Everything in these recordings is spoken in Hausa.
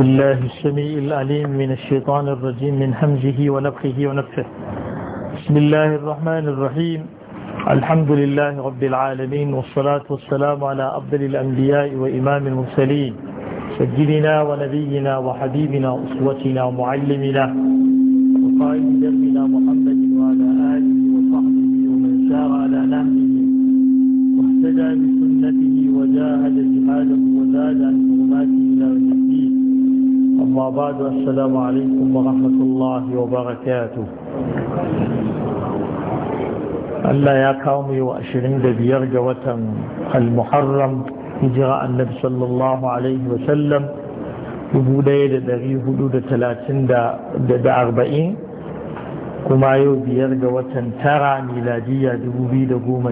بالله السميع العليم من الشيطان الرجيم من همزه ونفخه ونفخه بسم الله الرحمن الرحيم الحمد لله رب العالمين والصلاة والسلام على أفضل الأنبياء وإمام المرسلين سجلنا ونبينا وحبيبنا أسوتنا ومعلمنا وقائد السلام عليكم ورحمة الله وبركاته ya kawo mu yau ashirin da biyar ga watan al-muharram hijira annabi sallallahu alaihi wa sallam dubu ɗaya da ɗari hudu da talatin arba'in kuma yau biyar tara miladiya dubu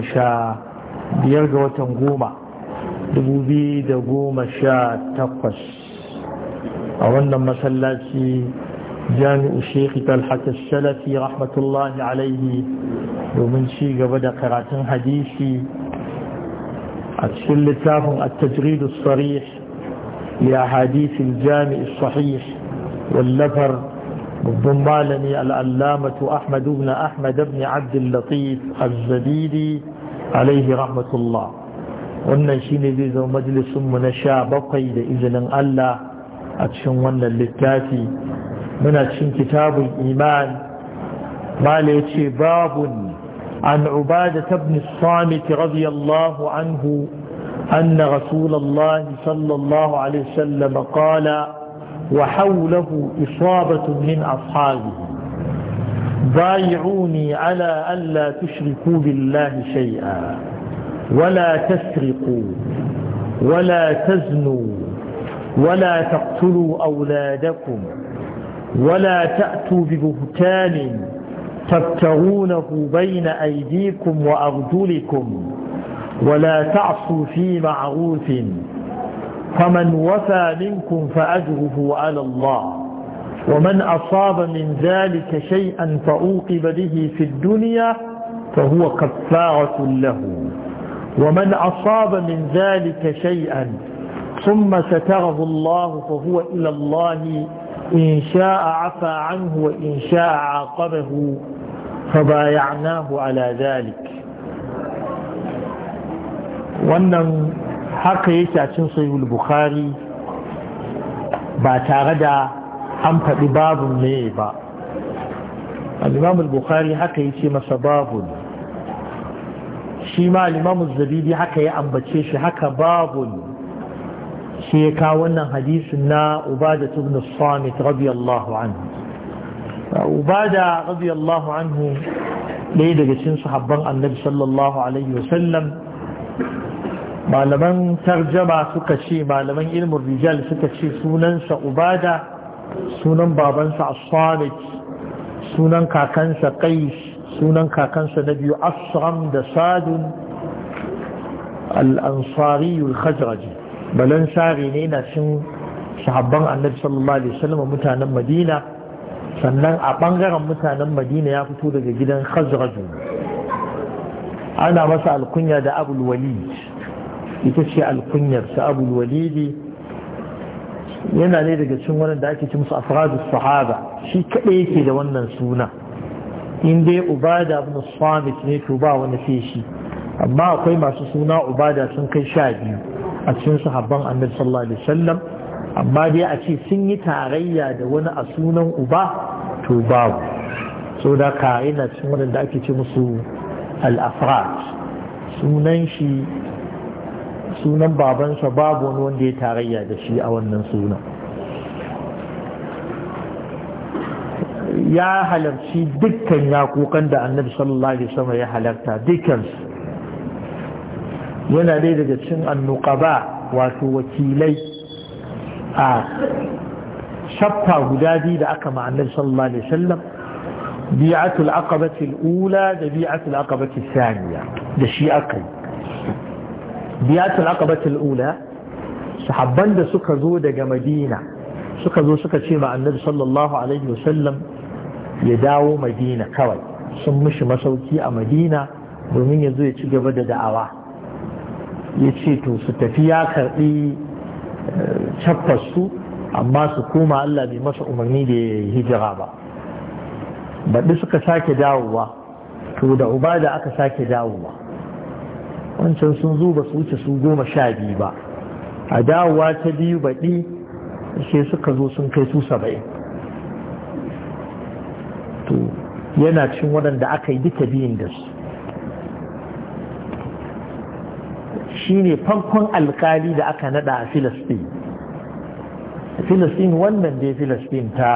sha a wannan masallaci jami'u shekhi talhatar salafi rahmatullahi alaihi domin ci gaba da karatun hadisi a cikin littafin a tajridus sarih ya hadisin jami'ar sahih wallafar babban malami al'allamatu ahmadu na ahmad abin abdullatif azzabidi alaihi rahmatullah wannan shi ne zai zama majalisunmu na sha bakwai da izinin allah أتشن ون اللتاتي من أتشن كتاب الإيمان ما ليتي باب عن عبادة بن الصامت رضي الله عنه أن رسول الله صلى الله عليه وسلم قال وحوله إصابة من أصحابه بايعوني على ألا تشركوا بالله شيئا ولا تسرقوا ولا تزنوا ولا تقتلوا أولادكم ولا تأتوا ببهتان تبتغونه بين أيديكم وأرجلكم ولا تعصوا في معروف فمن وفى منكم فأجره على الله ومن أصاب من ذلك شيئا فأوقب به في الدنيا فهو كفارة له ومن أصاب من ذلك شيئا ثم ستره الله فهو إلى الله إن شاء عفى عنه وإن شاء عاقبه فبايعناه على ذلك wannan haka yake a cin sayul bukhari ba tare da an faɗi babun ne ba al'imamul bukhari haka yake masa babun shi ma al'imamul zabidi haka ya ambace shi haka babun sai ya kawo wannan hadisin na ubada ibn samit radiyallahu anhu ubada radiyallahu anhu ɗaya daga cikin sahabban annabi sallallahu alaihi wasallam malaman tarjama suka ce malaman ilmin rijal suka ce sunansa ubada sunan babansa as-samit sunan kakansa qais sunan kakansa na biyu asram da sadun al-ansari al-khazraji sari ne na cin sahabban annabi sallallahu alaihi wasallam mutanen madina sannan a bangaren mutanen madina ya fito daga gidan khazraju ana masa alkunya da abul walid ita ce sa abul walid yana ne daga cin wannan da ake ci musu afradu sahaba shi kaɗai yake da wannan suna in dai ubada ibn samit ne to ba wani feshi. shi amma akwai masu suna ubada sun kai sha biyu a cikin sahabban annabi sallallahu alaihi wasallam amma dai a ce sun yi tarayya da wani a sunan uba to babu so da ka yana cikin wanda ake ce musu al-afrat sunan shi sunan babansa babu wani wanda ya tarayya da shi a wannan sunan ya halarci dukkan yakokan da annabi sallallahu alaihi wasallam ya halarta dukkansu yana dai daga cin annuqaba wato wakilai a shaffa guda biyu da aka ma'anar sallallahu alaihi Sallam bi'atul aqabati al-ula da bi'atul aqabati thaniya da shi aka yi bi'atul aqabati ula sahabban da suka zo daga madina suka zo suka ce ma'anar sallallahu alaihi wasallam ya dawo madina kawai sun mishi masauki a madina domin ya zo ya ci gaba da da'awa ya ce to su tafi ya karɓi eh, su amma su koma Allah bai masa umarni da hijira ba baɗi suka sake dawowa to da uba da aka sake dawowa wancan sun zo ba su wuce su goma sha biyu ba a dawowa ta biyu baɗi sai suka zo sun kai su saba'in to yana cin waɗanda aka yi duka biyun da su shine farkon alkali da aka nada a filistin filistin wannan dai filistin ta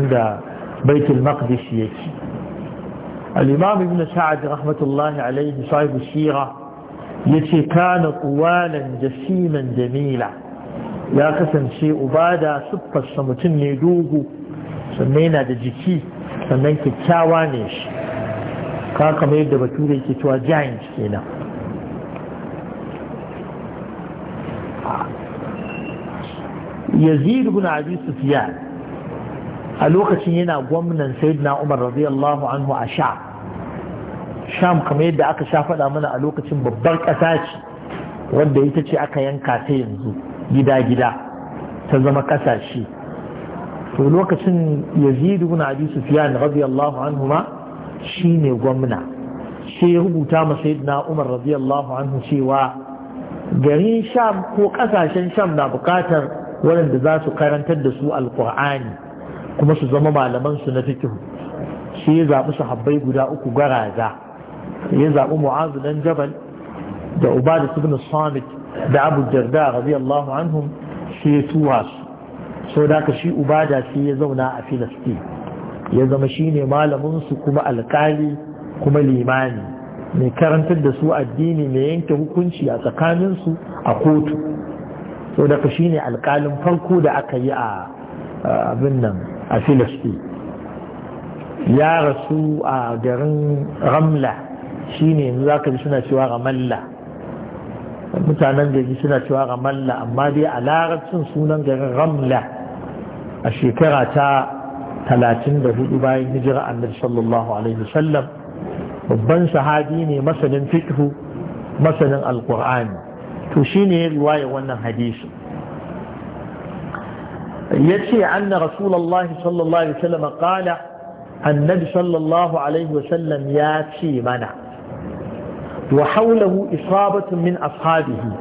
inda baitul maqdis yake al-imam ibn sa'ad rahmatullahi alayhi sahib sira yace kana qawalan jasiman jamila ya kasance ubada siffarsa mutum ne dogu sannan yana da jiki sannan kyakkyawa ne shi ka kamar yadda bature ke cewa giant kenan yazid ibn abi sufyan a lokacin yana gwamnan sayyidina umar radiyallahu a sha sham kamar yadda aka sha faɗa mana a lokacin babbar ƙasa ce wadda ita ce aka yanka ta yanzu gida-gida ta zama ƙasashe to lokacin yazid ibn abi sufyan radiyallahu anhu ma gwamna sai ya rubuta ma sayyidina umar radiyallahu cewa garin sham ko ƙasashen sham na buƙatar waɗanda za su karantar da su alƙur'ani kuma su zama malaman su na fikihu shi ya zaɓi sahabbai guda uku gwaraza ya zaɓi mu'azu dan jabal da ubada ibn samit da abu darda radiyallahu anhum shi ya tura su so da ka shi ubada shi ya zauna a filistin ya zama shine malamansu kuma alƙali kuma limani mai karantar da su addini mai yanke hukunci a tsakaninsu a kotu so daga shi ne farko da aka yi a abin nan a filistin ya rasu a garin ramla shi ne za ka ji suna cewa ramalla mutanen gari suna cewa ramalla amma dai a larabcin sunan garin ramla a shekara ta 34 bayan hijira annabi sallallahu alaihi wasallam babban sahabi ne masanin fiqh masanin alqur'ani to ne ya riwaya wannan hadisi ce anna rasulullahi sallallahu alaihi wasallam qala annabi sallallahu alaihi wasallam ya ce mana wa hawlahu isabatun min ashabihi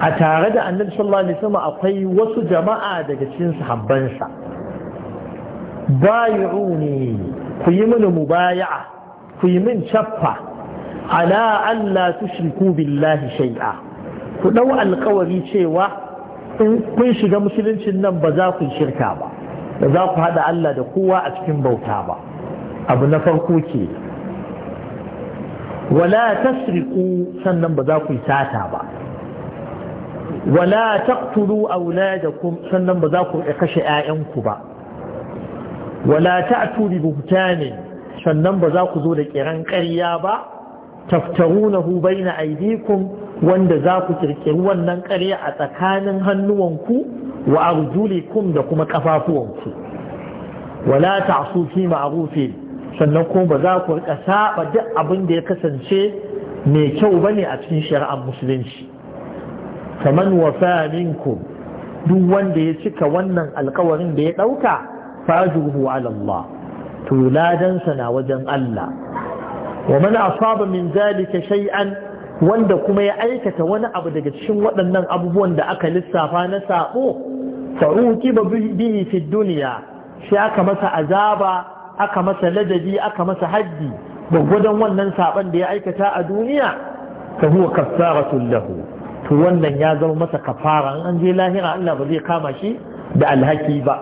a tare da annabi sallallahu alaihi wasallam akwai wasu jama'a daga cikin sahabbansa bayuuni ku yi mini mubaya'a ku yi min chaffa ala alla tushriku billahi shay'a ku ɗau alkawari cewa in kun shiga musuluncin nan ba za ku shirka ba ba za ku haɗa Allah da kowa a cikin bauta ba abu na farko ke wala tasriku sannan ba za ku yi sata ba wala taqtulu auladakum sannan ba za ku kashe 'ya'yanku ba wala ta'tu bi sannan ba za ku zo da kiran ƙarya ba Taftaru na hubai na baina aydikum wanda za ku ƙirƙiri wannan ƙarya a tsakanin hannuwanku wa arjulikum da kuma kafafuwanku wala ta'su fi ma'rufin sannan kuma ba za ku rika saba duk abin da ya kasance mai kyau ba ne a cikin shari'ar musulunci faman wafa minkum duk wanda ya cika wannan alkawarin da ya dauka fajuhu ala Allah to ladansa na wajen Allah wa man asaba min zalika shay'an wanda kuma ya aikata wani abu daga cikin waɗannan abubuwan da aka lissafa na sabo fa'uqiba bihi fi sai aka masa azaba aka masa ladabi aka masa haddi gwagwadon wannan saban da ya aikata a duniya fa huwa kaffaratul lahu to wannan ya zama masa kafara an je lahira Allah ba zai kama shi da alhaki ba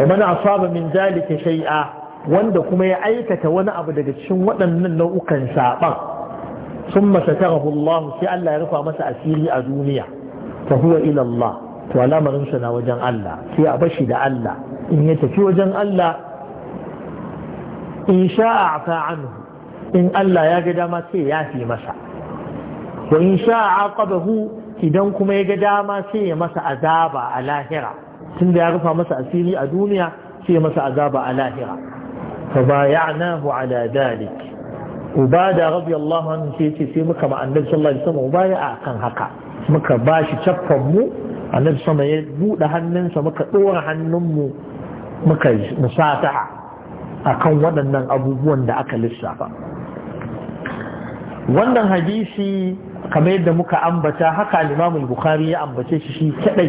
wa man asaba min zalika shay'a wanda kuma ya aikata wani abu daga cikin waɗannan nau'ukan saɓan sun masatarahu Allah sai Allah ya rufa masa asiri a duniya Ta huwa ila Allah to alamarin sa na wajen Allah sai a bashi da Allah in ya tafi wajen Allah in sha'a afa anhu in Allah ya ga dama sai ya fi masa wa in sha'a aqabahu idan kuma ya ga dama sai ya masa azaba a lahira tunda ya rufa masa asiri a duniya sai ya masa azaba a lahira فبايعناه على ذلك da radiyallahu anhu sai yace sai muka ma annabi sallallahu alaihi wasallam ubaya kan haka muka bashi caffan mu annabi sama ya bude hannunsa muka dora hannun mu muka musafaha akan waɗannan abubuwan da aka lissafa wannan hadisi kamar yadda muka ambata haka al-Imam al-Bukhari ya ambace shi shi kadai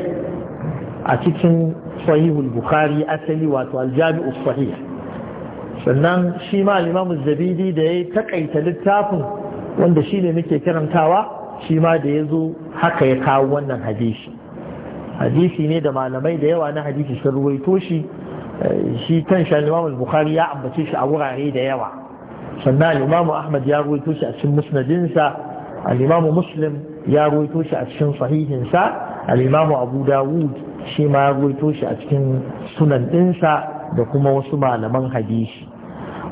a cikin Sahih al-Bukhari asali wato al-Jami' sannan shi ma limamu zabidi da ya takaita littafin wanda shi ne muke karantawa, shi ma da ya zo haka ya kawo wannan hadisi hadisi ne da malamai da yawa na hadisi sun ruwaito shi eh, shi kan limamu bukhari ya ambace shi a wurare da yawa sannan limamu ahmad ya ruwaito shi a cikin musnadinsa al muslim ya ruwaito shi a cikin sahihinsa al abu dawud shi ma ya ruwaito shi a cikin sunan ɗinsa da kuma wasu malaman hadisi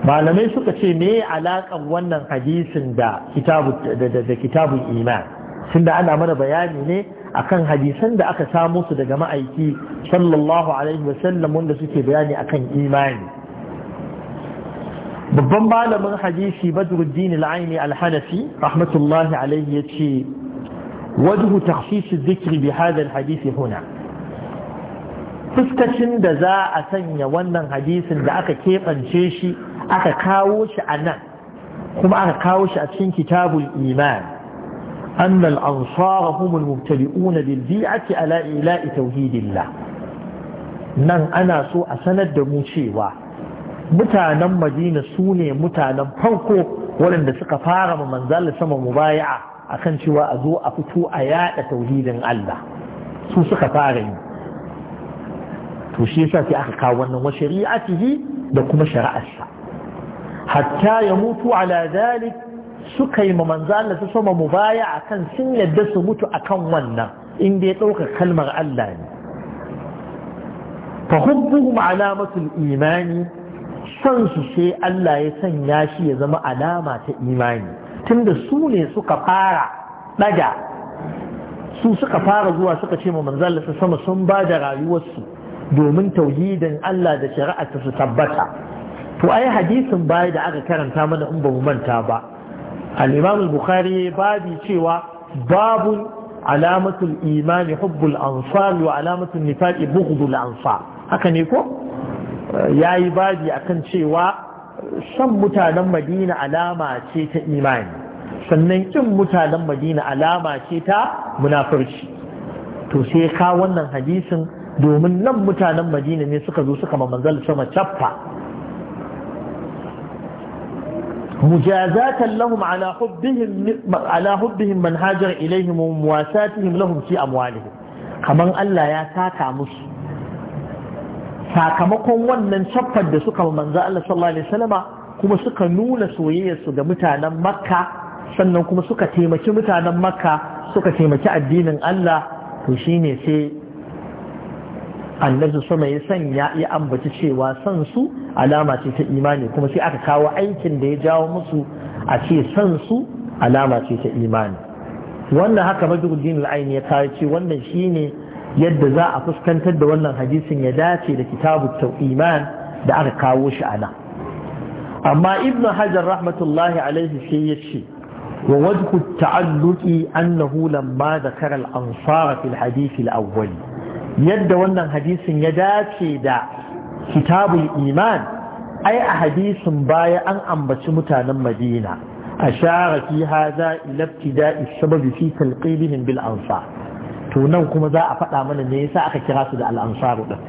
malamai suka ce me alaƙar wannan hadisin da kitabun iman tunda ana mana bayani ne akan hadisan da aka samu su daga ma'aiki sallallahu alaihi wasallam wanda suke bayani akan imani babban malamin hadisi badruddin al-aini al-hanafi rahmatullahi alaihi yace wajhu takhsis adh-dhikr bi hadha al huna fuskacin da za a sanya wannan hadisin da aka keɓance shi aka kawo shi a kuma aka kawo shi a cikin kitabul iman أن الأنصار هم na بالبيعة على إيلاء توحيد الله nan ana so a sanar da mu cewa mutanen madina su ne mutanen farko waɗanda suka fara ma manzala sama mu mubaya'a akan cewa a zo a fito a yada tauhidin Allah su suka fara yi Toshi shi yasa sai aka kawo wannan wa shari'atihi da kuma shari'arsa hatta ya mutu ala zalik suka yi manzo Allah su soma mubaya akan sun yadda su mutu akan wannan inda ya ɗaukar kalmar Allah ne fa hubbuhum alamatul imani son su sai Allah ya sanya shi ya zama alama ta imani tunda su ne suka fara daga su suka fara zuwa suka ce ma manzo Allah su sama sun ba da rayuwarsu domin tauhidin Allah da shari'arsa su tabbata to ai hadisin baya da aka karanta mana in ba mu manta ba al-imam al-bukhari babi cewa babun alamatul imani hubbul ansar wa alamatul nifaqi bughdul ansar haka ne ko yayi babi akan cewa san mutanen madina alama ce ta imani sannan kin mutanen madina alama ce ta munafurci to sai ka wannan hadisin domin nan mutanen madina ne suka zo suka ma manzal sama cappa مجازاة لهم على حبهم على حبهم من هاجر إليهم ومواساتهم لهم في أموالهم كمان Allah ya saka musu, sakamakon wannan shaffar da suka manzo Allah sallallahu alaihi wasallama kuma suka nuna soyayyarsu ga mutanen Makka sannan kuma suka taimaki mutanen Makka suka taimaki addinin Allah to shine sai annabi sama ya sanya ya ambaci cewa san su alama ce ta imani kuma sai aka kawo aikin da ya jawo musu a ce san su alama ce ta imani wannan haka majruddin al ya kawo ce wannan shine yadda za a fuskantar da wannan hadisin ya dace da kitabu iman da aka kawo shi ana amma ibnu hajar rahmatullahi alaihi sai ya ce ووجه التعلق أنه لما ذكر الأنصار في الحديث الأول yadda wannan hadisin ya dace da kitabul iman ai a hadisin baya an ambaci mutanen madina a share fi haza ilabtida'i sababi fi talqibihim bil ansar to nan kuma za a faɗa mana ne yasa aka kira su da al ansar din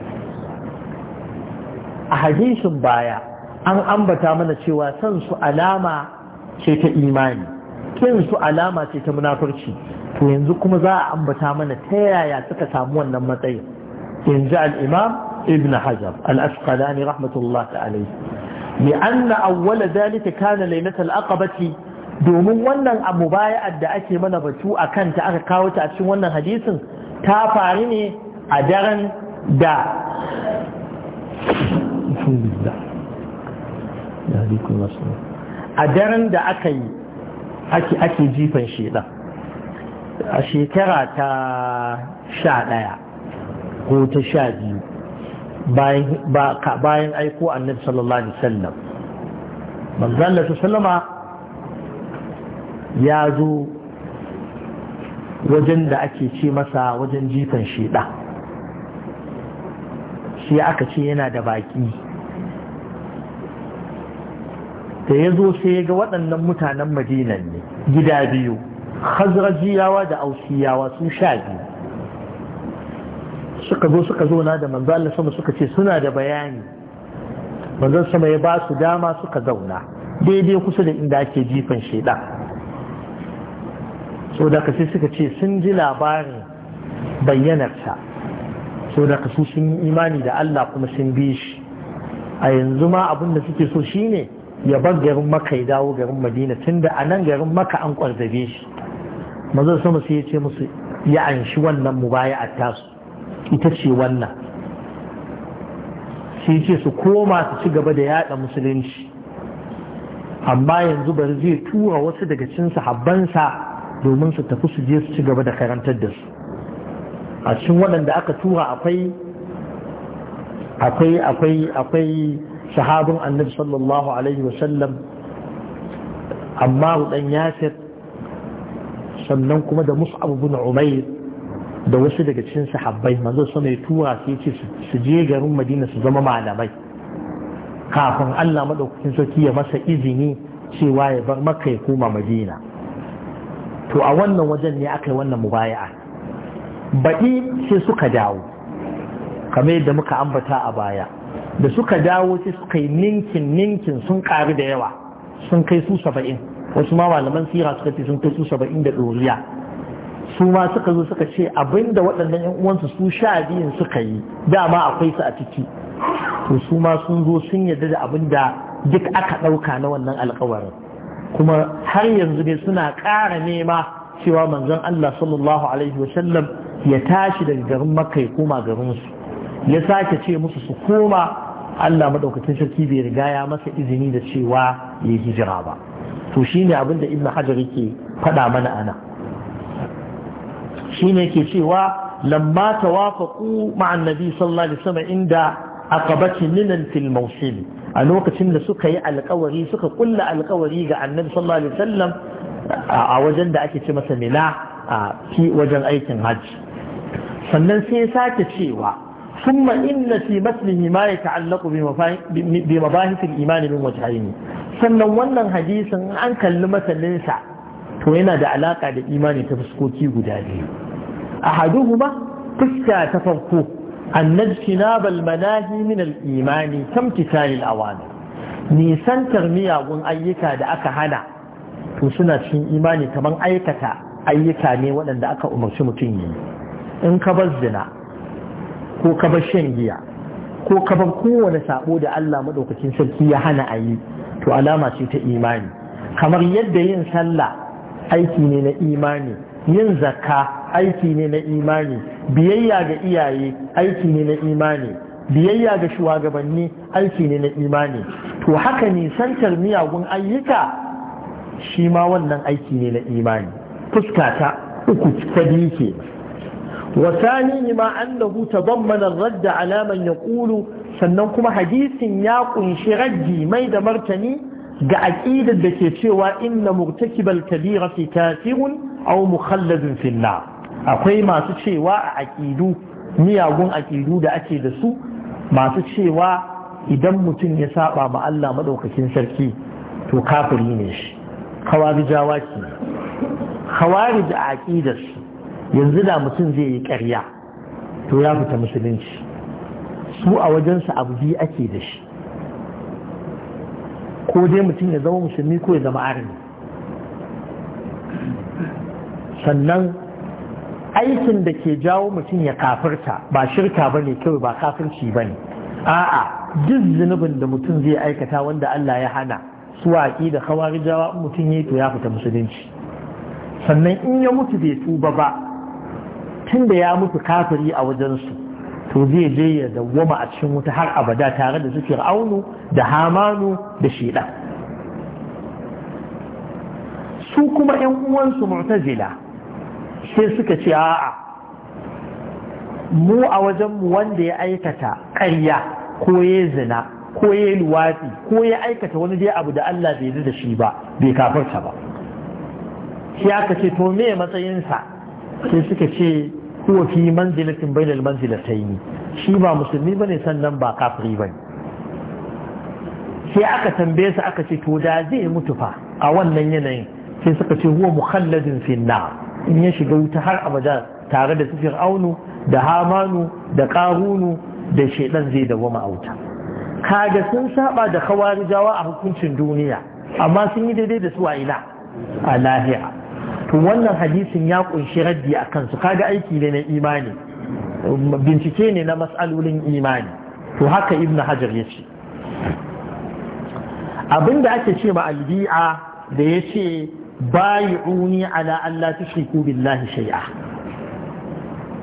a hadisin baya an ambata mana cewa san su alama ce ta imani kin su alama ce ta munafurci to yanzu kuma za a ambata mana ta yaya suka samu wannan matsayin yanzu al-imam ibn hajar al-asqalani rahmatullah alayhi li anna awwala dhalika kana laylatul aqabati domin wannan abu baya'ar da ake mana batu a kanta aka kawo ta a cikin wannan hadisin ta faru ne a daren da a daren da aka yi ake jifan shedan a shekara ta sha ɗaya ko ta sha biyu bayan aiko annabi sallallahu alaihi wasallam manzalla su sallama ya zo wajen da ake ce masa wajen jifan shida sai aka ce yana da baki da ya zo sai ya ga waɗannan mutanen madinan ne gida biyu khazrajiyawa da ausiyawa sun sha biyu suka zo suka zo na da manzo sama suka ce suna da bayani manzo sama ya ba su dama suka zauna daidai kusa da inda ake jifan shaidan so da suka ce sun ji labarin sa so da kasu sun yi imani da Allah kuma sun bi shi a yanzu ma abin da suke so shine ya bar garin maka ya dawo garin madina tunda a nan garin maka an kwarzabe shi manzo sama sai ya ce musu ya anshi wannan mu baya, a tasu ita ce wannan sai ce su koma su ci gaba da yada musulunci amma yanzu bari zai tura wasu daga cin sahabbansa domin su tafi su je su ci gaba da karantar da su a cikin waɗanda aka tura akwai akwai akwai sahabin annabi sallallahu alaihi wasallam amma dan yasir sannan kuma da mus'ab bin umayr da wasu daga cikin sahabbai manzo sama ya tura su yace su je garin madina su zama malamai kafin Allah madaukakin sarki ya masa izini cewa ya bar maka ya koma madina to a wannan wajen ne aka yi wannan mubaya'a baɗi sai suka dawo kamar yadda muka ambata a baya da suka dawo sai suka yi ninkin ninkin sun karu da yawa sun kai su saba'in wasu ma malaman sira suka ce sun kai su saba'in da ɗoriya su ma suka zo suka ce abinda waɗannan yan uwansu su sha biyun suka yi dama akwai su a ciki to su ma sun zo sun yarda da abinda duk aka ɗauka na wannan alkawarin kuma har yanzu ne suna ƙara nema cewa manzon Allah sallallahu alaihi sallam ya tashi daga garin makka ya koma garin su? ya sake ce musu su koma Allah maɗaukacin sarki bai riga ya masa izini da cewa ya yi hijira ba to shine abin da Ibn hajar yake faɗa mana ana shine yake cewa lamma tawafaqu ma'an nabi sallallahu alaihi wasallam inda aqabati minan fil mawsil a lokacin da suka yi alkawari suka kulla alkawari ga annabi sallallahu alaihi wasallam a wajen da ake ce masa mina a wajen aikin hajji sannan sai ya sake cewa ثم إن في مثله ما يتعلق بمباحث الإيمان من وجهين sannan wannan hadisin an kalli masalinsa to yana da alaƙa da imani ta fuskoki guda biyu a kuma fuska ta farko annajci na balmanahi min al'imani tamki tanil awami nisantar miyagun ayyuka da aka hana to suna cikin imani kamar aikata ayyuka ne waɗanda aka umarci mutum yi in ka bar zina ko ka bar shan giya ko ka bar kowane sabo da Allah madaukakin sarki ya hana a yi to alama ce ta imani kamar yadda yin sallah aiki ne na imani yin zakka aiki ne na imani biyayya ga iyaye aiki ne na imani biyayya ga shugabanni aiki ne na imani to haka nisantar miyagun ayyuka shi ma wannan aiki ne na imani fuskata uku ta dike وثانيهما أنه تضمن الرد على من يقول سننكم حديث يقن شردي ميد مرتني قعيدا دكيتشي وإن مرتكب الكبيرة كافر أو مخلد في النار أقوي ما تشي وعقيدو miyagun aƙidu da ake da su masu cewa idan mutum ya saba ma Allah maɗaukakin sarki to kafiri ne shi kawarijawa ke kawari da aƙidar su yanzu da mutum zai yi karya, to ya fita musulunci su a wajensu abu biyu ake da shi ko dai mutum ya zama musulmi ko ya zama arni sannan aikin da ke jawo mutum ya kafirta ba shirka ba ne kawai ba kafirci ba ne a'a duk zunubin da mutum zai aikata wanda Allah ya hana su waƙi da jawa mutum ya to ya fita musulunci sannan in ya mutu bai tuba ba tun da ya mutu kafiri a wajensu to zai je ya dawwama a cikin wuta har abada tare da su fir'aunu da hamanu da shida su kuma yan uwansu mu'tazila sai suka ce a'a mu a wajenmu wanda ya aikata karya ko ya zina ko ya luwafi ko ya aikata wani dai abu da Allah bai da shi ba bai kafarta ba shi aka ce to me matsayinsa sai suka ce huwa fi manzilatin bainal manzilatayn shi ba musulmi bane sannan ba kafiri bane sai aka tambaye su aka ce to da zai mutu fa a wannan yanayin sai suka ce huwa mukhalladin fi in ya shiga wuta har abada tare da su fir'aunu da hamanu da qarunu da shedan zai dawama a wuta kaga sun saba da kawarijawa a hukuncin duniya amma sun yi daidai da su a ina a lahiya. to wannan hadisin ya kunshi raddi a kansu kaga aiki ne na imani bincike ne na masalolin imani to haka ibn hajar ya ce abinda ake ce ma albi'a da ya ce bayi'uni ala Allah tushriku billahi shay'a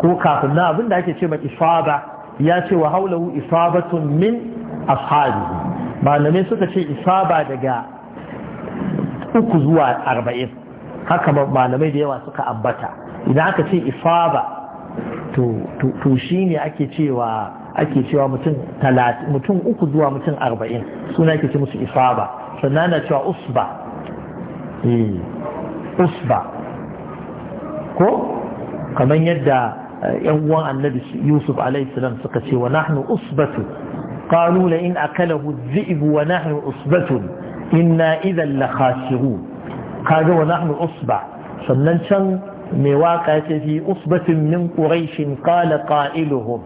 ko kafin na abinda ake ce ma isaba ya ce wa haulahu isabatun min ashabi malamai suka ce isaba daga uku zuwa arba'in haka malamai da yawa suka ambata idan aka ce ifaba to shi ne ake cewa ake cewa mutum uku zuwa mutum arba'in suna ake ce musu ifaba sannan na cewa usba eh, usba ko kamar yadda eh, yan uwan annabi yusuf alaihissalam suka ce wa nahnu usbatu qalu la in akalahu dhi'bu wa nahnu usbatun inna idhan la khasirun Ka ga wa nahnu usba sannan can mai waka ce fi usbatin min quraish qala qailuhum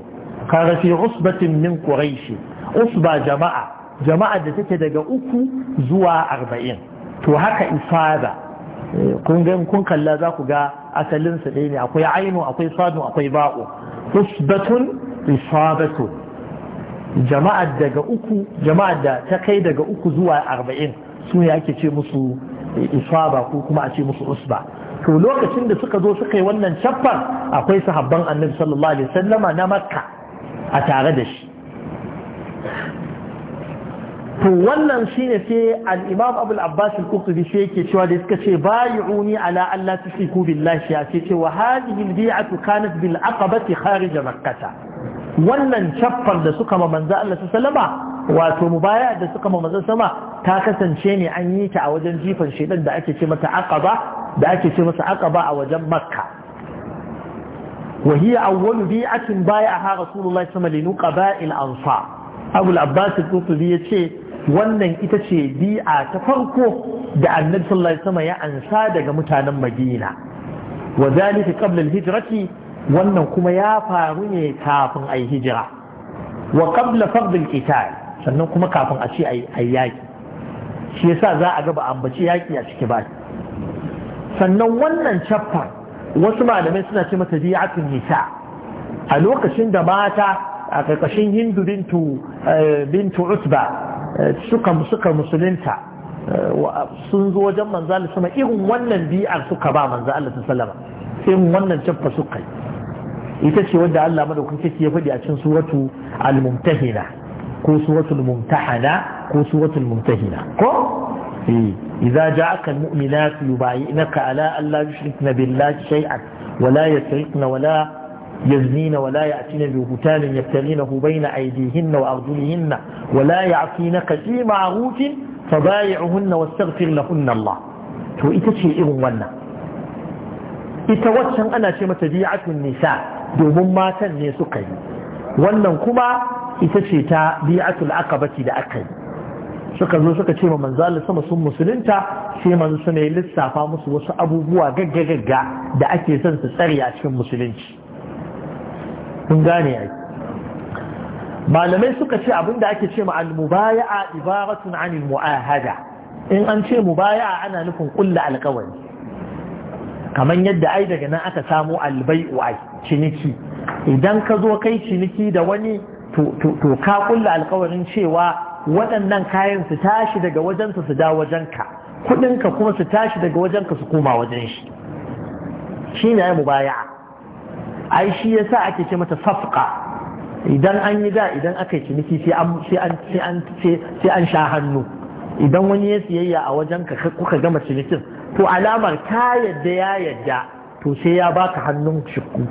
kaga fi usbatin min quraish usba jama'a jama'a da take daga uku zuwa arba'in to haka ifada kun ga kun kalla za ku ga asalin su ɗaya ne akwai ainu akwai sadu akwai ba'u usbatun ifadatu jama'a daga uku jama'a da ta kai daga uku zuwa arba'in su ne ake ce musu isaba ko kuma a ce musu usba to lokacin da suka zo suka yi wannan cappan, akwai sahabban annabi sallallahu alaihi wasallama na makka a tare da shi to wannan shine sai al-imam abul abbas al-qurtubi sai yake cewa da suka ce bai'uni ala alla tusiku billahi ya ce cewa hadhihi al-bi'atu kanat bil aqabati kharij makkata wannan caffar da suka ma manzo Allah sallama wato mubaya da suka ma manzo sama ta kasance ne an yi ta a wajen jifan shaidan da ake ce mata aqaba da ake ce masa aqaba a wajen makka وهي أول بيعة بايعها رسول الله صلى الله عليه وسلم لنقباء الأنصار أبو العباس wannan ita ce bi'a ta farko da annabi sallallahu alaihi wasallam ya ansa daga mutanen Madina wa zalika qabla al-hijrati wannan kuma ya faru ne kafin a yi hijira wa qabla fardil sannan kuma kafin a ce a yi yaki shi yasa za a ga ba ambaci yaki a ciki ba sannan wannan chapter wasu malamai suna ce mata bi'atun nisa a lokacin da mata a ƙarƙashin hindu bintu eh, utba eh, suka suka musulunta eh, sun zo wajen manzo Allah sama irin wannan bi'ar suka ba manzo Allah sallama irin wannan caffa suka yi ita ce wanda Allah madaukakin ya faɗi a cikin suratu al-mumtahina ko suratu al-mumtahana ko suratu al-mumtahina ko eh idza ja'aka al-mu'minatu yubayyinaka ala Allah yushrikna billahi shay'an wa la yasrikna wa la يزنين ولا يأتين ببهتان يبتغينه بين أيديهن وأرجلهن ولا يعصينك في معروف فبايعهن واستغفر لهن الله. تو إيتا شيء إيرون إيتا أنا شيء متبيعة النساء domin matan ne suka yi wannan kuma ita ce ta bi'atul akabati da aka yi suka zo suka ce ma manzo Allah sama sun musulunta sai manzo suna yi lissafa musu wasu abubuwa gaggagagga da ake son su tsare a cikin musulunci kun gane ai malamai suka ce abin da ake ce ma al-mubaya'a ibaratun anil mu'ahada in an ce mubaya'a ana nufin kulla alkawari kamar yadda ai daga nan aka samu albai'u a ciniki idan ka zo kai ciniki da wani to ka kulla alkawarin cewa waɗannan kayan su tashi daga wajen su da wajenka kuɗinka kuma su tashi daga wajenka su koma wajen shi shi ne mu baya. ai shi yasa ake ce mata safqa idan an yi da idan aka yi ciniki sai an sha hannu idan wani ya siyayya a wajen ka kuka gama cinikin to alamar ka yadda ya yadda to sai ya baka hannun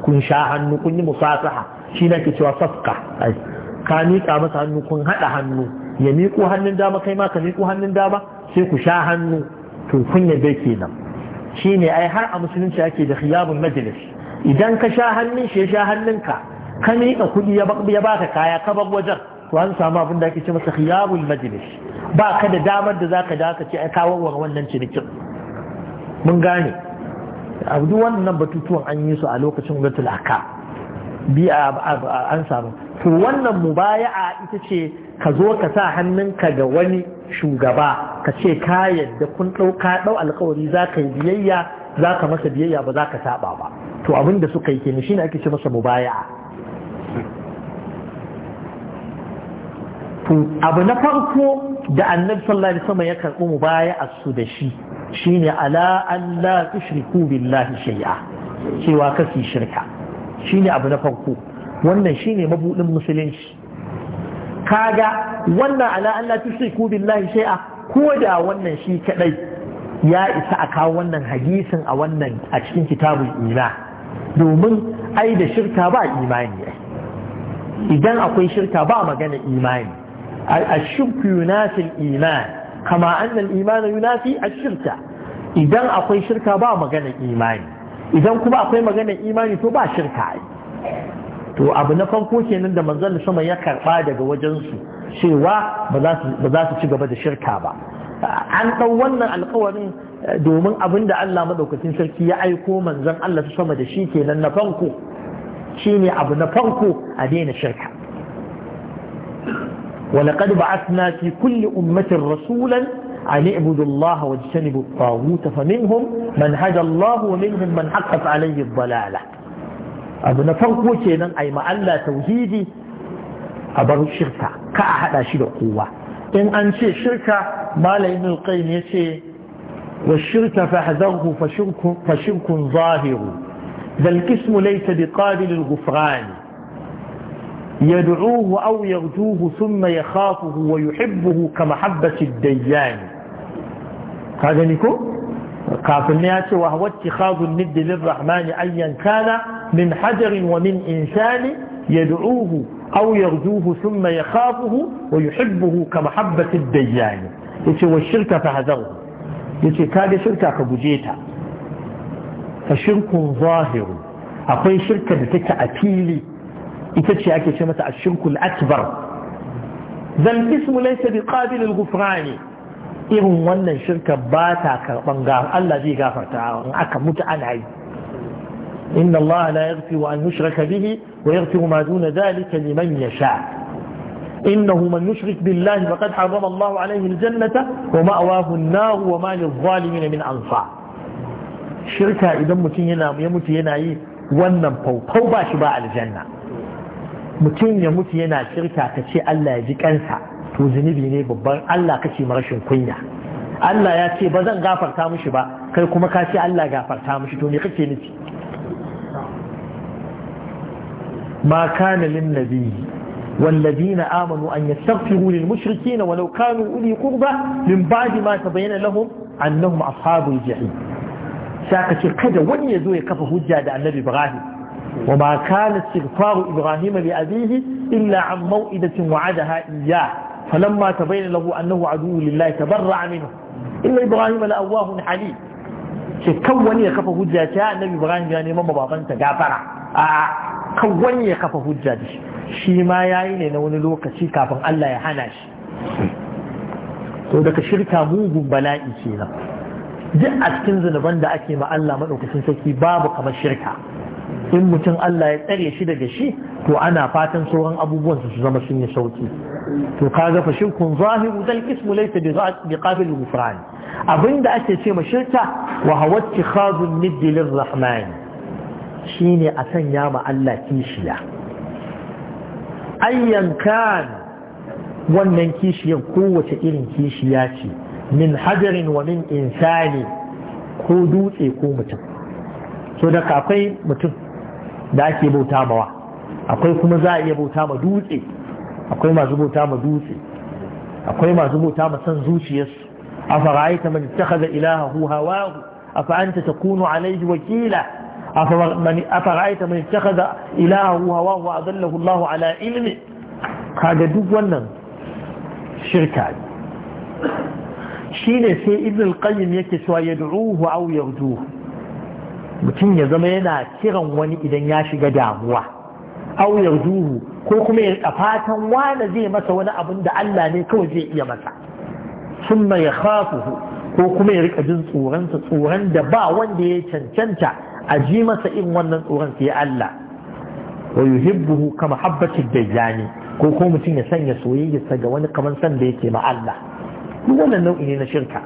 kun sha hannu kun yi musasaha shi na ke cewa safka ka miƙa masa hannu kun haɗa hannu ya miƙo hannun dama kai ma ka miƙo hannun dama sai ku sha hannu to kun yadda kenan shi ne ai har a musulunci ake da khiyabun majalis idan ka sha hannun shi ya sha hannunka ka miƙa kuɗi ya baka kaya ka bar wajen to an samu abin da ake ce masa khiyabul majalis ba ka da damar da za ka da ka ce ai kawowar wannan cinikin mun gane abu wannan batutuwan an yi su a lokacin gwamnatul haka bi an samu to wannan mu mubaya'a ita ce ka zo ka sa hannunka ga wani shugaba ka ce ka yadda kun ɗauka ɗau alkawari za ka yi biyayya za ka masa biyayya ba za ka saba ba to abin da suka yi kenan shine ake ce masa mubaya'a to abu na farko da annabi sallallahu alaihi wasallam ya karɓi mu baya a su da shi shine ala alla tushriku billahi shay'a cewa kasi shirka shine abu na farko wannan shine mabudin musulunci kaga wannan ala alla tushriku billahi shay'a ko da wannan shi kadai ya isa a kawo wannan hadisin a wannan a cikin kitabul iman domin ai da shirka ba imani idan akwai shirka ba magana imani الشرك ينافي الإيمان كما أن الإيمان ينافي الشرك إذا أقوي شركة با مغانا إيمان إذا كما أقوي مغانا إيمان تو با شركة to abu na farko kenan da manzon sama ya karba daga wajensu cewa ba za su ci gaba da shirka ba an ɗau wannan alkawarin domin abin da Allah maɗaukacin sarki ya aiko manzon Allah su sama da shi kenan na farko shine abu na farko a daina shirka ولقد بعثنا في كل أمة رسولا أن اعبدوا الله واجتنبوا الطاغوت فمنهم من هدى الله ومنهم من حقت عليه الضلالة abu na farko kenan a yi ma'alla tauhidi a bar shirka ka a hada shi da kowa in an ce shirka malayin alƙaim ya ce wa shirka fa fa shirkun zahiru dal kismu laysa bi qabil يدعوه أو يرجوه ثم يخافه ويحبه كمحبة الديان هذا نكو كافر نياتي وهو اتخاذ الند للرحمن أيا كان من حجر ومن إنسان يدعوه أو يرجوه ثم يخافه ويحبه كمحبة الديان يتي والشرك فهذره يتي كاد شركة كبجيتا فشرك ظاهر أقول شركة بتك أتيلي ita ce ake ce mata ashirkul akbar zal ismu laysa biqabil al-ghufrani irin wannan shirka ba ta karban ga Allah zai gafarta in aka mutu ana yi inna Allah la yaghfiru an yushraka bihi wa yaghfiru ma duna dhalika liman yasha innahu man yushrik billahi faqad harrama Allah alayhi al-jannata wa ma'wahu an-nar wa ma lil-zalimin min ansar shirka idan mutum yana ya mutu yana yi wannan faufau ba shi ba aljanna mutum ya mutu yana shirka ka ce Allah ya ji kansa to zunubi ne babban Allah kace rashin kunya Allah ya ce ba zan gafarta mushi ba kai kuma ka ce Allah gafarta mushi to me kake nufi ma kana lin nabi والذين آمنوا أن يستغفروا للمشركين ولو كانوا أولي قربى من بعد ما تبين لهم أنهم أصحاب الجحيم ya قد وني يزوي كف هجة النبي إبراهيم وما كان استغفار إبراهيم لأبيه إلا عن موئدة وعدها إياه فلما تبين له أنه عدو لله تبرع منه إلا إبراهيم لأواه حليم كوني يا كفى هجة النبي إبراهيم يعني ماما بابا أنت جافرة kawai ya kafa hujja da shi shi ma ya yi ne na wani lokaci kafin Allah ya hana shi to daga shirka mugun bala'i kenan duk a cikin da ake ma Allah maɗaukacin sarki babu kamar shirka in mutum Allah ya tsare shi daga shi to ana fatan sauran abubuwan su zama sun yi sauki to kaga fashin kun zahiru dal ismu laysa bi qabil gufran abinda ake ce ma shirka wa hawa ittikhadun nidd lirrahman shine a sanya ma Allah kishiya ayyan kan wannan kishiyar kowace irin kishiya ce min hajarin wa min insani ko dutse ko mutum so da kafai mutum da ake bauta mawa akwai kuma za a iya bauta ma dutse akwai masu bauta ma dutse akwai masu bauta ma san zuciyarsu afara'aita man ittakhadha hu hawahu afa anta kunu alaihi wakila a fara'aita afara'aita man ittakhadha hu hawahu a adallahu Allah ala ilmi kaga duk wannan shirka ne sai ibn al-qayyim yake cewa yad'uhu aw yarduhu mutum ya zama yana kiran wani idan ya shiga damuwa au duhu ko kuma ya fatan wani zai masa wani abun da Allah ne kawai zai iya masa summa ya khafuhu ko kuma ya rika jin tsoronsa tsoron da ba wanda ya cancanta a ji masa in wannan tsoron sai Allah wa yuhibbuhu kama habbati dajjani ko ko mutum ya sanya soyayyarsa ga wani kamar san da yake ma Allah wannan nau'i ne na shirka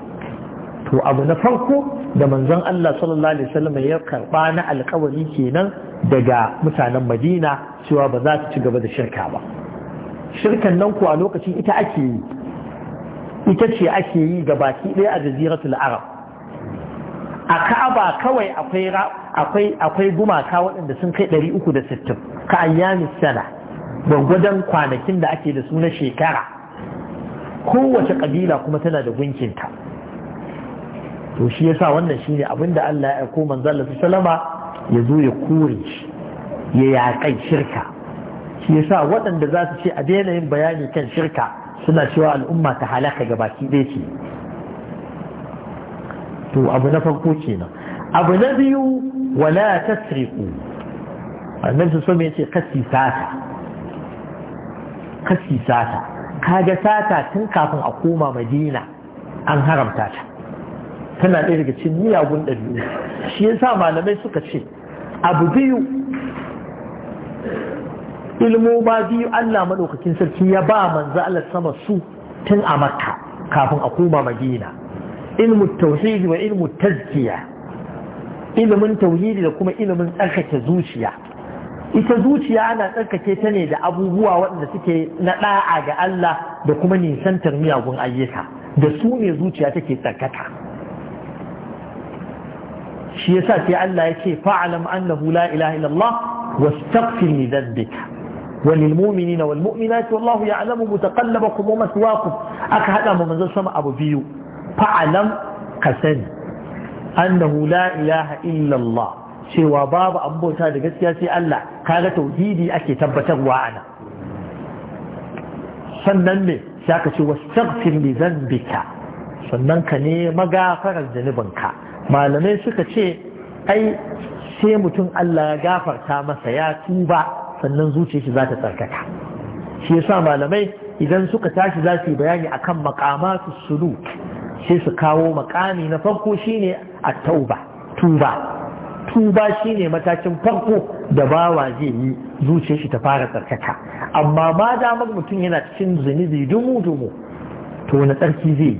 to abu na farko da manzon Allah sallallahu alaihi wasallam ya karba na alkawari kenan daga mutanen Madina cewa ba za su ci gaba da shirka ba shirkan nan a lokacin ita ake yi ita ce ake yi ga baki ɗaya a jaziratul arab a ka'aba kawai akwai akwai akwai gumaka waɗanda sun kai 360 ka ayyami sana gwagwadon kwanakin da ake da su na shekara kowace kabila kuma tana da gunkinta to shi yasa wannan shine abin da Allah ya aiko manzon Allah sallama ya zo ya kore shi ya yaƙai shirka shi yasa waɗanda za su ce a daina yin bayani kan shirka suna cewa al'umma ta halaka ga baki ɗaya ce to abu na farko kenan abu na biyu wala tasriqu annabi so me yace kasi sata Ka ga kaga sata tun kafin a koma madina an haramta ta tana ɗaya daga cikin miyagun ɗabi'u shi ya sa malamai suka ce abu biyu ilmu ba biyu Allah maɗaukakin sarki ya ba manzo Allah sama su tun a makka kafin a koma madina ilmu tauhidi wa ilmu tazkiya ilimin tauhidi da kuma ilimin tsarkake zuciya ita zuciya ana tsarkake ta ne da abubuwa waɗanda suke na ɗa'a ga Allah da kuma nisantar miyagun ayyuka da su ne zuciya take tsarkaka shi yasa sai Allah ya ce fa'alam annahu la ilaha illallah wastaghfir li dhanbika وللمؤمنين والمؤمنات والله يعلم متقلبكم ومثواكم أكا هذا من منزل سما أبو abu فعلم كسن أنه لا إله إلا الله سوى باب أبو تاد قسيا سي الله قال توحيدي أكي تبتغ ana. sannan ne sai aka ce wasu li zanbika sannan ka ne magafarar zanubanka. malamai suka ce ai sai mutum Allah ya gafarta masa ya tuba sannan zuciya shi za ta tsarkaka shi yasa malamai idan suka tashi za su yi bayani akan maqamatus suluk sai su kawo makami na farko shine at-tauba tuba tuba shine matakin farko da bawa zai yi zuciya shi ta fara tsarkaka amma ma damar mutum yana cikin zunubi dumu dumu to wani tsarki zai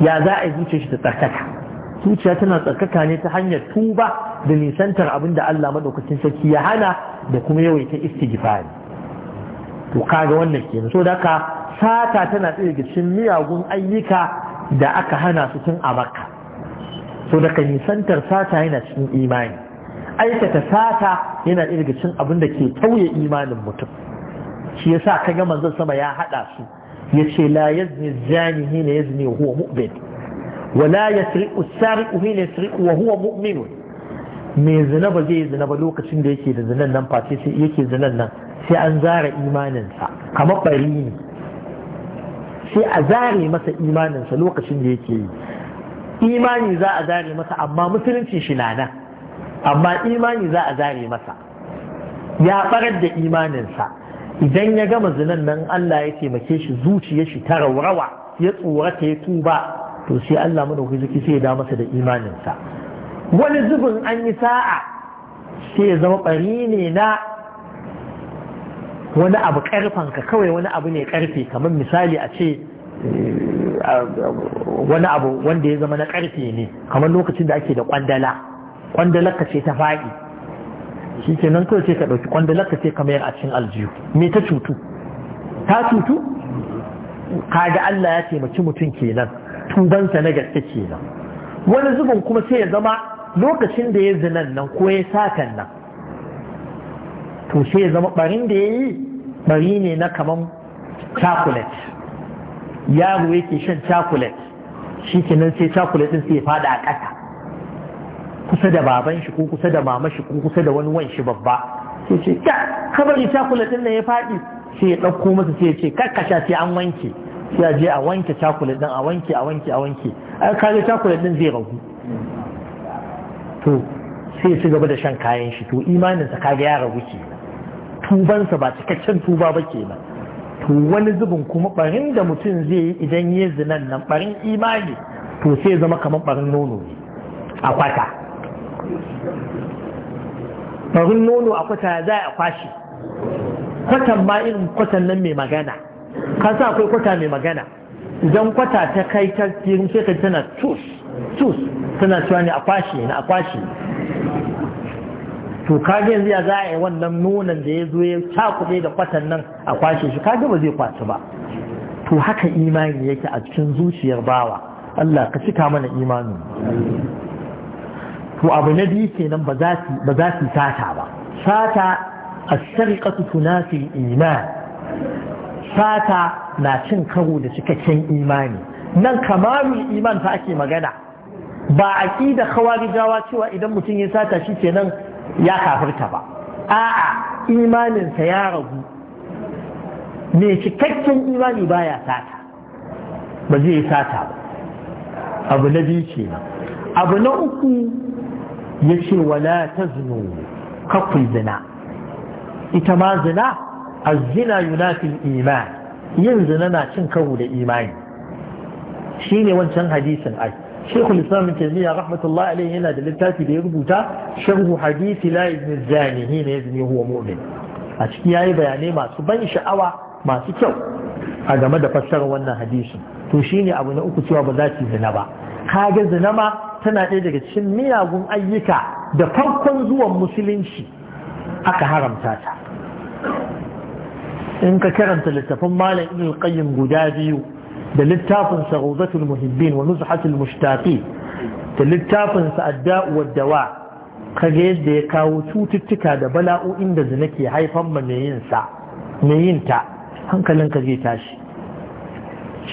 ya za a yi zuciya shi ta tsarkaka zuciya tana tsarkaka ne ta hanyar tuba da nisantar abin da Allah Maɗaukacin sarki ya hana da kuma yawaita istighfari to kaga wannan kenan so ka sata tana tsaye da cikin miyagun ayyuka da aka hana su tun a makka so ka nisantar sata yana cikin imani aikata sata yana tsaye cin abin da ke tauye imanin mutum shi yasa kaga manzon sama ya haɗa su yace la yazni zani hina yazni huwa mu'bid ولا يسرق السارق حين يسرق وهو مؤمن mai zina ba zai zina ba lokacin da yake da zinan nan face sai yake zinan nan sai an zara imaninsa kamar bari ne sai a zare masa imaninsa lokacin da yake yi imani za a zare masa amma musulunci shi na nan amma imani za a zare masa ya barar da imaninsa idan ya gama zinan nan Allah ya taimake shi zuciya shi ta raurawa ya tsorata ya tuba to sai Allah madaukakin sarki sai ya da masa da imaninsa wani zubin an yi sa'a sai ya zama bari ne na wani abu karfanka kawai wani abu ne karfe kamar misali a ce eh, wani abu wanda ya zama na karfe ne kamar lokacin da ake da kwandala kwandalar ka ce ta faɗi shi ke nan kawai ka ɗauki kwandalar ka ce kamar a cikin aljihu me ta cutu ta cutu kaga Allah ya taimaki mutum kenan tubansa na gaske nan wani zubin kuma sai ya zama lokacin da ya zinan nan ko ya sakan nan to sai ya zama barin da ya yi bari ne na kamar cakulet, yaro yake shan cakulet shi ke nan sai chocolate din sai ya fada a ƙasa kusa da baban shi ko kusa da mama shi ko kusa da wani wanshi babba sai ce ka bari chocolate din nan ya fadi sai ya ɗauko masa sai ya ce kakkasha sai an wanke sai a je a wanke cakulet din a wanke a wanke a wanke ai kaje cakulet din zai ragu to sai su gaba da shan kayan shi to imaninsa kaga ya ragu ke tubansa ba cikakken tuba ba ke ba to wani zubin kuma barin da mutum zai yi idan ya zinan nan barin imani to sai zama kamar barin nono ne a kwata barin nono a kwata za a kwashe kwatan ma irin kwatan nan mai magana kasa akwai kwata mai magana idan kwata ta kai ta tirin sai ka tana tus tus tana cewa ne a kwashe na a kwashe to kage yanzu ya za a yi wannan nunan da ya zo ya cakuɗe da kwatan nan a kwashe shi kaga ba zai kwaci ba to haka imani yake a cikin zuciyar bawa Allah ka cika mana imani to abu na biyu kenan ba za su sata ba sata as-sariqatu tunafi iman fata na cin karo da cikakken imani nan kamarul iman fa ake magana ba aqida khawarijawa cewa idan mutum ya sata shi kenan ya kafirta ba a'a imaninsa ya ragu mai cikakken imani baya sata ba zai yi sata ba abu na biyu ce abu na uku ya ce wala ta zino kakul zina ita ma zina azina yunafi iman yin zina na cin kawo da imani shine wancan hadisin ai shehu lissam ibn taymiyyah rahmatullahi alayhi yana da littafi da ya rubuta sharhu hadisi la ibn zani hin ibn huwa mu'min a cikin yayi bayanai masu ban sha'awa masu kyau a game da fassarar wannan hadisin to shine abu na uku cewa ba za ki zina ba Haga ga zina ma tana ɗaya daga cikin miyagun ayyuka da farkon zuwan musulunci aka haramta ta in ka karanta littafin malam ibn al-qayyim guda biyu da littafin sa rawdatul muhibbin wa nuzhatul mushtaqi da littafin Sa'adda adda'u dawa kaga yadda ya kawo cututtuka da bala'o'in da zina ke haifan ma mai yin sa mai yin ta hankalinka zai tashi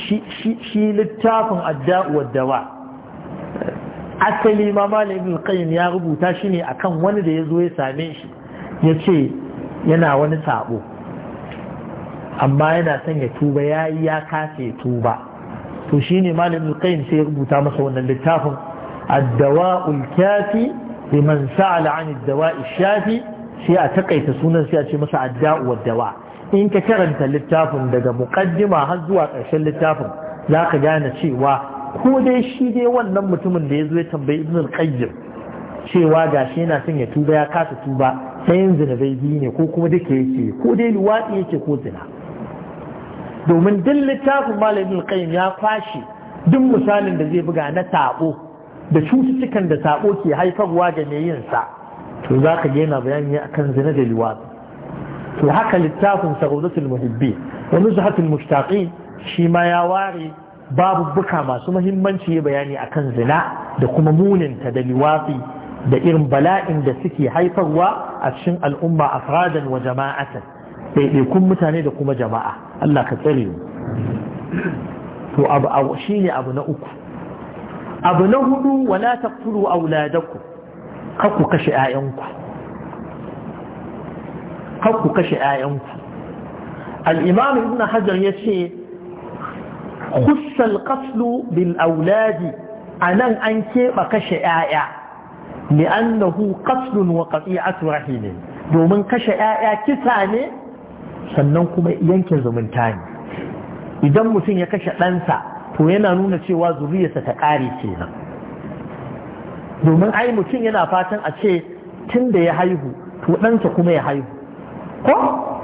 shi shi shi littafin Adda wad dawa asali ma malam ibn al-qayyim ya rubuta shi ne akan wani da ya zo ya same shi ya ce yana wani sabo amma yana sanya tuba ya yi ya kace tuba to shine malamin qayyim sai ya rubuta masa wannan littafin ad-dawa'ul kafi liman sa'ala 'an ad-dawa'i shafi sai a takaita sunan sai a ce masa ad-da'u wa dawa in ka karanta littafin daga muqaddima har zuwa ƙarshen littafin zaka gane cewa ko dai shi dai wannan mutumin da ya zo ya tambayi ibn al-qayyim cewa gashi yana sanya tuba ya kasa tuba sai bai biyu ne ko kuma duka yake ko dai luwaɗi yake ko zina domin duk littafin malamin qayyim ya kwashe duk misalin da zai buga na sabo da cututtukan da sabo ke haifarwa ga mai yin sa to za ka ga yana akan zina da liwaɗi to haka littafin sarudatul muhibbi wa nuzhatul mushtaqin shi ma ya ware babu-buka masu muhimmanci ya bayani akan zina da kuma muninta da liwafi da irin bala'in da suke haifarwa a cikin al'umma afradan wa jama'atan ɗaiɗaikun mutane da kuma jama'a Allah ka tsare mu to abu shine abu na uku abu na hudu wala taqtulu auladakum ku kashe ƴaƴanku ku kashe ƴaƴanku al-imam ibn hajar yace khussa al-qatl bil auladi anan an keɓa kashe ƴaƴa li'annahu qatlun wa qati'atu rahimin domin kashe ƴaƴa kisa ne sannan kuma yankin zumunta ne idan mutum ya kashe ɗansa to yana nuna cewa zuriyarsa ta ƙare kenan domin ai mutum yana fatan a ce tun da ya haihu to ɗansa kuma ya haihu ko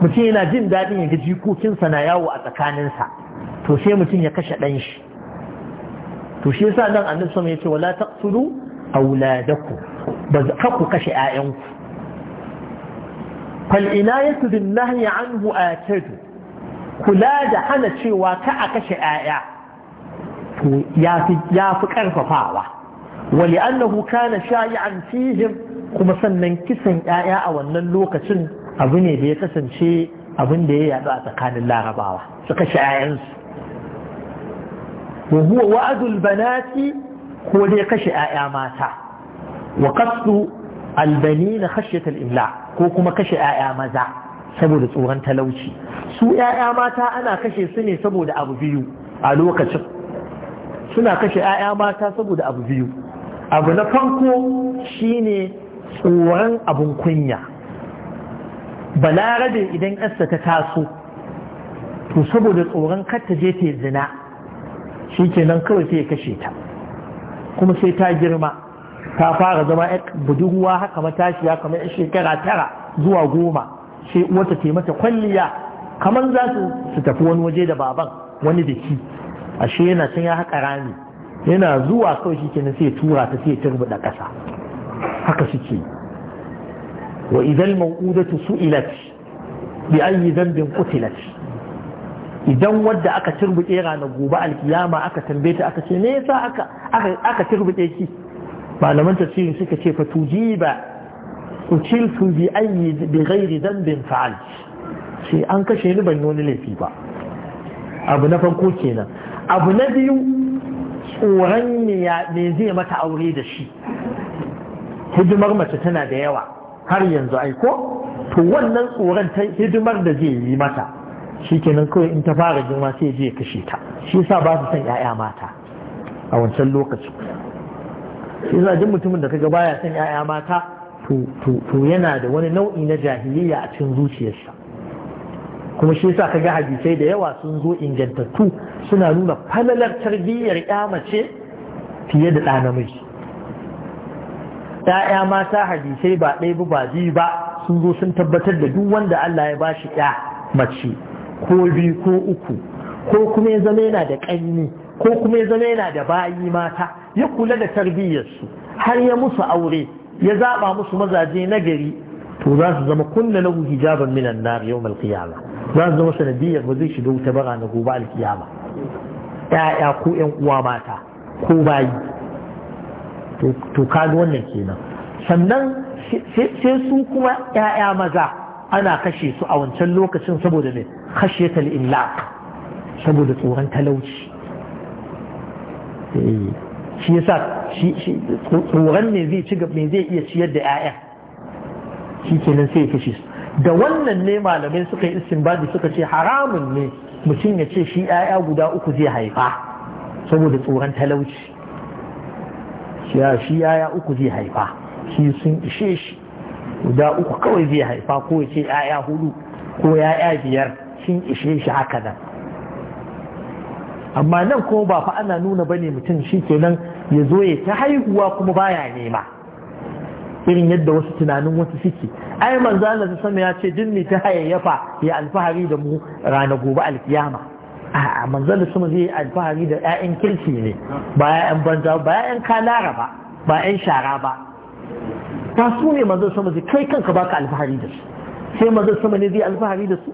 mutum yana jin daɗin ya ga jikokinsa na yawo a tsakaninsa to sai mutum ya kashe ɗan shi to shi yasa nan annabi sama ya ce wala taqtulu auladakum ba ku kashe 'ya'yanku فالعناية بالنهي عنه آكد kula da hana cewa ka a kashe ‘ya'ya ya fi ƙarfafawa wali annahu kana shayi'an fihim kuma sannan kisan ‘ya'ya a wannan lokacin abu ne da ya kasance abin da ya yaɗu a tsakanin larabawa su kashe ‘ya'yansu wa huwa wa'adul banati ko dai kashe ‘ya'ya mata wa kasu albani na al-imla ko kuma kashe 'ya'ya maza saboda tsoron talauci su 'ya'ya mata ana kashe su ne saboda abu biyu a lokacin suna kashe 'ya'ya mata saboda abu biyu abu na farko shine tsoron abun kunya balarabe idan yarsa ta taso to saboda tsoron kar ta je ta zina shi kenan kawai sai ya kashe ta kuma sai ta girma ta fara zama ya budurwa haka matashiya kamar ya shekara tara zuwa goma shi wata ta mata kwalliya kamar za su tafi wani waje da baban wani daki. ashe yana can ya haƙa rami yana zuwa kawai shi kenan sai tura ta sai da ƙasa haka suke wa idan mau'udatu su'ilat bi ayyi idan wadda aka ɗera na gobe alkiyama aka tambaye ta aka ce me yasa aka aka turbuɗe ki malaman cikin suka ce fa tujiba uciltu bi ayi bi ghairi dambin fa'al sai an kashe ni ban wani laifi ba abu na farko kenan abu na biyu tsoron ne zai mata aure da shi hidimar mace tana da yawa har yanzu aiko to wannan tsoron ta hidimar da zai yi mata shi kenan kawai in ta fara girma sai je kashe ta shi yasa ba su son 'ya'ya mata a wancan lokacin shi yasa duk mutumin da kaga baya son yaya mata to yana da wani nau'i na jahiliya a cikin zuciyarsa kuma shi yasa kaga hadisai da yawa sun zo ingantattu suna nuna falalar tarbiyyar ƴa mace fiye da ɗa namiji ƴaƴa mata hadisai ba ɗaya ba biyu ba sun zo sun tabbatar da duk wanda Allah ya bashi ƴa mace ko biyu ko uku ko kuma ya zama yana da ƙanni ko kuma ya zama yana da bayi mata ya kula da tarbiyyarsu har ya musu aure ya zaba musu mazaje na gari to za su zama kunna lahu hijaban minan nar al qiyamah za su zama sanadiyar ba zai shiga wuta bara na gobe alkiyama ya'ya ko yan uwa mata ko bayi to kaga wannan kenan sannan sai su kuma ya'ya maza ana kashe su a wancan lokacin saboda ne kashe ta saboda tsoron talauci Eh, shi yasa tsoron ne zai ci gaba zai iya ciyar da 'ya'ya shi kenan sai ya kashe su da wannan ne malamai suka yi istinbadi suka ce haramun ne mutum ya ce shi 'ya'ya guda uku zai haifa saboda tsoron talauci shi 'ya'ya uku zai haifa shi sun ishe shi guda uku kawai zai haifa ko ya ce 'ya'ya hudu ko 'ya'ya biyar sun ishe shi haka nan amma nan kuma ba fa ana nuna bane mutum shi kenan ya zo ya ta haihuwa kuma baya nema irin yadda wasu tunanin wasu suke ai manzo Allah ta sama ya ce jinni ta hayayyafa ya alfahari da mu rana gobe alkiyama a'a manzo Allah sama zai alfahari da ƴaƴan kirki ne ba ƴaƴan banza ba ƴaƴan kalara ba ba ƴaƴan shara ba ta su ne manzo sama zai kai kanka baka alfahari da su sai manzo sama ne zai alfahari da su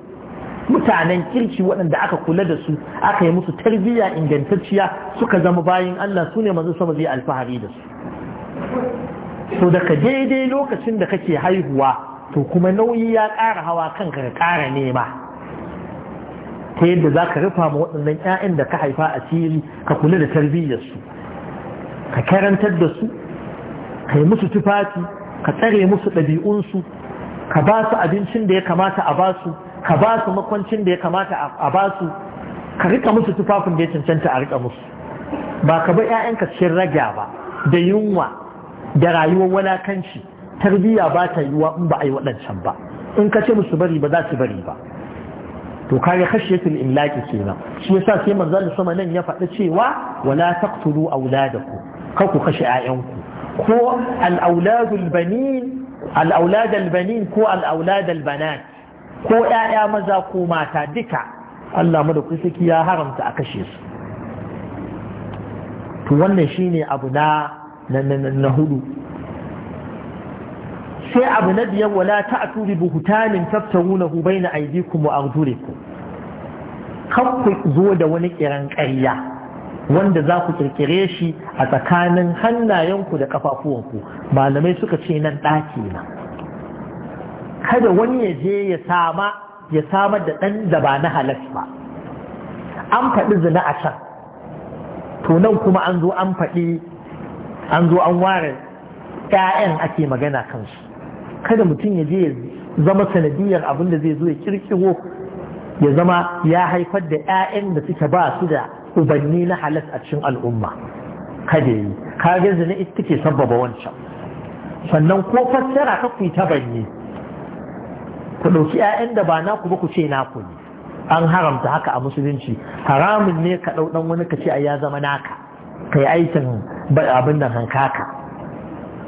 mutanen kirki waɗanda aka kula da su aka yi musu tarbiyya ingantacciya suka zama bayan Allah su ne mazu sama zai alfahari da su to daga daidai lokacin da kake haihuwa to kuma nauyi ya ƙara hawa kanka ka ƙara nema ta yadda za ka rufa ma waɗannan 'ya'yan da ka haifa a siri ka kula da tarbiyarsu, ka karantar da su ka yi musu tufafi ka tsare musu ɗabi'unsu ka ba su abincin da ya kamata a ba su ka ba su makwancin da ya kamata a ba su ka rika musu tufafin da ya cancanta a rika musu ba ka bar 'ya'yanka cikin raga ba da yunwa da rayuwar walakanci tarbiyya ba ta yiwuwa in ba a yi waɗancan ba in ka ce musu bari ba za su bari ba to kare khashiyatul imlaki kenan shi yasa sai manzon sama nan ya faɗi cewa wala taqtulu auladakum ka ku kashe 'ya'yanku ko al-auladul banin al-aulad banin ko al-aulad banat ko ‘ya'ya maza ko mata duka Allah Saki ya haramta a kashe su to wannan shine abu na na hudu sai abu na biyar wala ta'tu bi buhtanin taftarunahu baina kuma wa arjulikum kan ku zo da wani kiran ƙarya wanda za ku kirkire shi a tsakanin hannayenku da kafafuwanku malamai suka ce nan ɗaki na kada wani ya je ya sama ya samar da ɗan da ba na halas ba an faɗi zina a can to nan kuma an zo an faɗi an zo an ware ƴaƴan ake magana kansu kada mutum ya je ya zama sanadiyar abin da zai zo ya kirkiro ya zama ya haifar da ƴaƴan da suke ba su da ubanni na halas a cikin al'umma kada yi kaga zina ita take sabbaba wancan sannan ko fassara ka ta banyi ku ɗauki 'ya'yan da ba ku ba ku ce na ku ne an haramta haka a musulunci haramun ne ka ɗau ɗan wani ka ce ya zama naka kai aikin abin da hankaka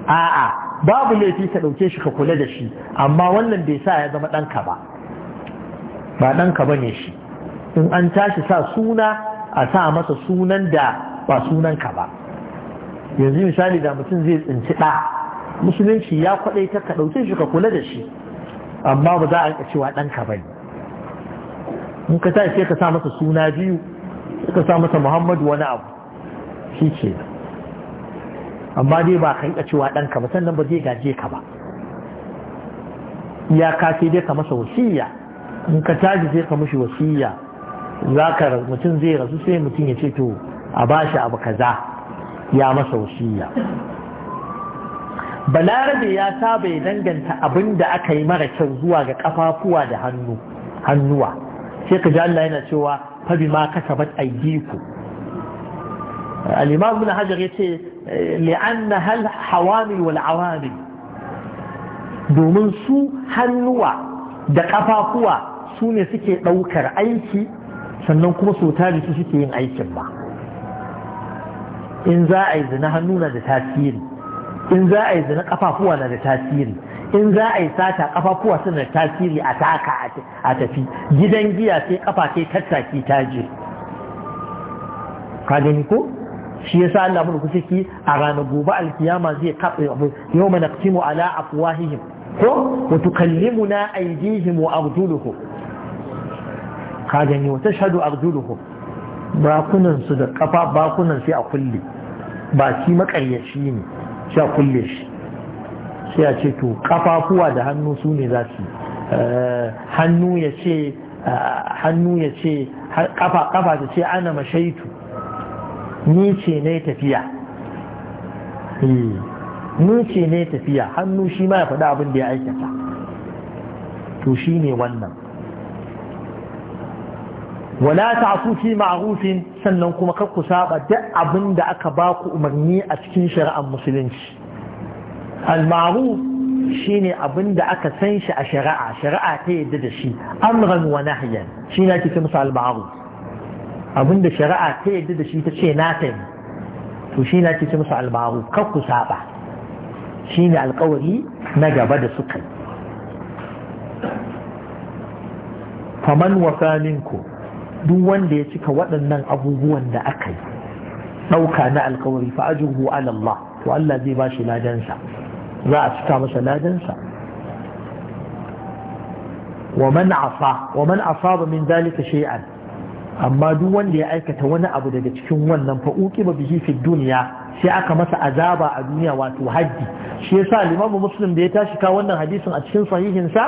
a'a babu laifi ka ɗauke shi ka kula da shi amma wannan bai sa ya zama ɗanka ba ba ɗanka ba ne shi in an tashi sa suna a sa masa sunan da ba sunan ka ba yanzu misali da mutum zai tsinci ɗa musulunci ya kwaɗai ta ka ɗauke shi ka kula da shi amma ba za a rika cewa ɗanka ba ne in ka sa sai ka sa masa suna biyu sai ka sa masa muhammadu wani abu shi ce amma dai ba ka rika cewa ɗanka ba sannan ba zai gaje ka ba Ya sai dai ka masa wasiya in ka tashi sai ka mashi wasiya za ka mutum zai rasu sai mutum ya ce to a bashi abu kaza ya masa wasiya balarabe ya saba ya danganta abin da aka yi mara kyau zuwa ga kafafuwa da hannu hannuwa sai ka ji Allah yana cewa fa ma kasabat aydiku al-imam ibn hajar yace li'anna hal hawami wal awami domin su hannuwa da kafafuwa su ne suke daukar aiki sannan kuma su tare su suke yin aikin ba in za a yi zina hannu na da tasiri in za a yi zina kafafuwa na da tasiri in za a yi sata kafafuwa suna da tasiri a taka a tafi gidan giya sai kafa sai tattaki ta je ka gani ko shi sa Allah mulku saki a ranar gobe alkiyama zai kafa yau mana kimu ala afwahihim ko wa tukallimuna aydihim wa arjuluhum ka gani wata arjuluhum bakunan da kafa bakunan sai a kulle ba shi ne sha kulle shi sai a ce to kafafuwa da hannu su ne za su eh, hannu ya ce eh, hannu ya ce kafa kafa ta ce ana mashaitu ni ce ne tafiya hmm. ni ce ne tafiya hannu shi ma ya faɗa abin da ya aikata to shi ne wannan wala ta'su fi maarufin sannan kuma kar saba duk abin da aka ba ku umarni a cikin shari'ar musulunci al-ma'ruf shine abin da aka san shi a shari'a shari'a ta yadda da shi amran wa nahyan shine ake cewa al-ma'ruf abin da shari'a ta yadda da shi ta ce na ta to shine ake cewa al-ma'ruf kar saba shine alƙawari na gaba da suka yi faman wasa minku duk wanda ya cika waɗannan abubuwan da aka yi ɗauka na alkawari fa ajruhu Allah to Allah zai ba shi ladansa za a cika masa ladansa wa man asa wa man asaba min zalika shay'an amma duk wanda ya aikata wani abu daga cikin wannan fa uqiba bihi fi dunya sai aka masa azaba a duniya wato haddi shi yasa Limamin muslim da ya tashi ka wannan hadisin a cikin sahihinsa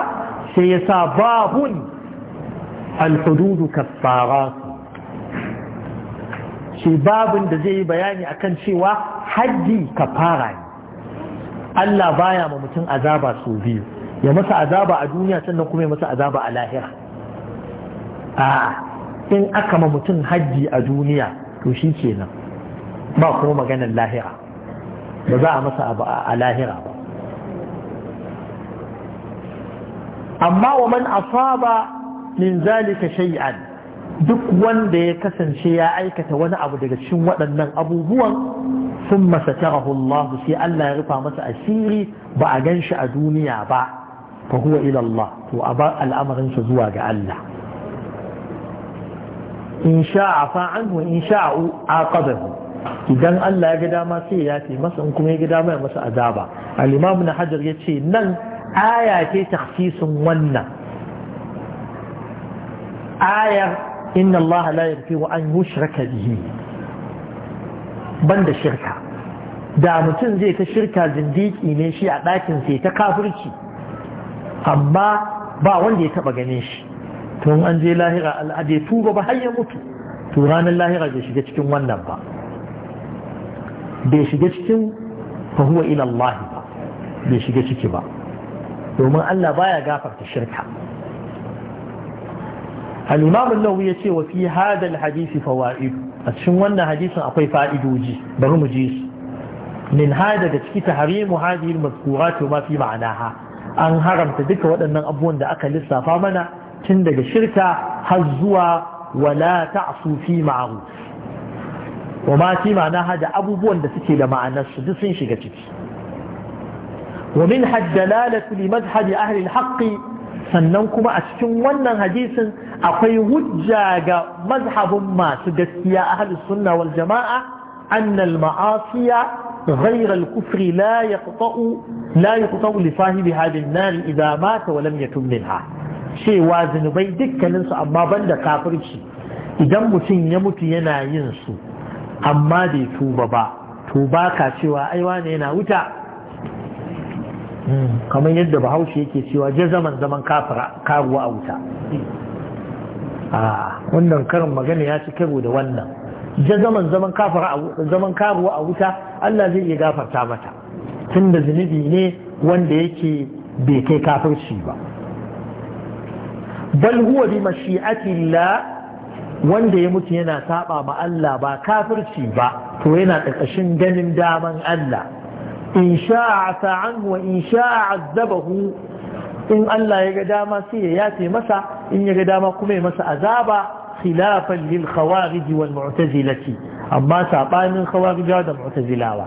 sai ya sa babun alhududu kaffara shi babin da zai yi bayani akan cewa haddi kafara ne Allah baya ma mutum azaba sau biyu ya masa azaba a duniya sannan kuma ya masa azaba a lahira a in aka ma mutum haddi a duniya to shi kenan ba kuma maganar lahira ba za a masa a lahira ba amma wa man asaba min zalika shay'an duk wanda ya kasance ya aikata wani abu daga cikin waɗannan abubuwan sun masatarahu Allah sai Allah ya rufa masa asiri ba a gan shi a duniya ba fa huwa ila Allah to a bar al'amarinsa zuwa ga Allah in sha'a fa'anhu in sha'u aqabahu idan Allah ya ga dama sai ya yafe masa in kuma ya ga dama ya masa azaba al-imam na hajar yace nan aya ce takhsisun wannan ayar inna Allah la yaghfiru an yushraka bihi banda shirka da mutum zai ta shirka zindiki ne shi a ɗakin sai ta kafirci amma ba wanda ya taba ganin shi tun an je lahira al'adai tuba ba har ya mutu to ranar lahira bai shiga cikin wannan ba bai shiga cikin fahuwa ilallahi ba bai shiga ciki ba domin Allah baya gafarta shirka al-imam an-nawawi yace wa fi hadha al-hadisi fawaid a cikin wannan hadisin akwai fa'idodi bari mu ji su min hada da ciki tahrimu hadhihi al-mazkurat wa ma fi ma'anaha an haramta duka waɗannan abubuwan da aka lissafa mana tun daga shirka har zuwa wala ta'su fi ma'ruf wa ma fi ma'anaha da abubuwan da suke da ma'anar su duk sun shiga ciki ومنها الدلالة لمذهب أهل الحق sannan kuma a cikin wannan hadisin akwai hujja ga mazhabin masu gaskiya ahlus sunna wal jama'a annal ma'asiya غير الكفر لا يقطع لا يقطع لصاحب هذه النار إذا مات ولم يتم منها شيء وازن بي دكنس أما بند كافرشي idan mutum ya mutu yana yin su amma bai tuba ba tuba ka cewa aiwa ne yana wuta kamar yadda bahaushe yake cewa je zaman zaman karuwa a wuta a wannan karin magana ya ci karo da wannan je zaman zaman zaman karuwa a wuta Allah zai iya gafarta mata tunda zunubi ne wanda yake bai kai kafirci ba bal huwa bi mashi'atillah wanda ya mutu yana saba ma Allah ba kafirci ba to yana ƙarƙashin ganin daman Allah in sha'a anhu wa in sha'a in Allah ya ga dama sai ya yafe masa in ya ga dama kuma ya masa azaba khilafan lil khawarij wal mu'tazilati amma sabanin khawarijawa da mu'tazilawa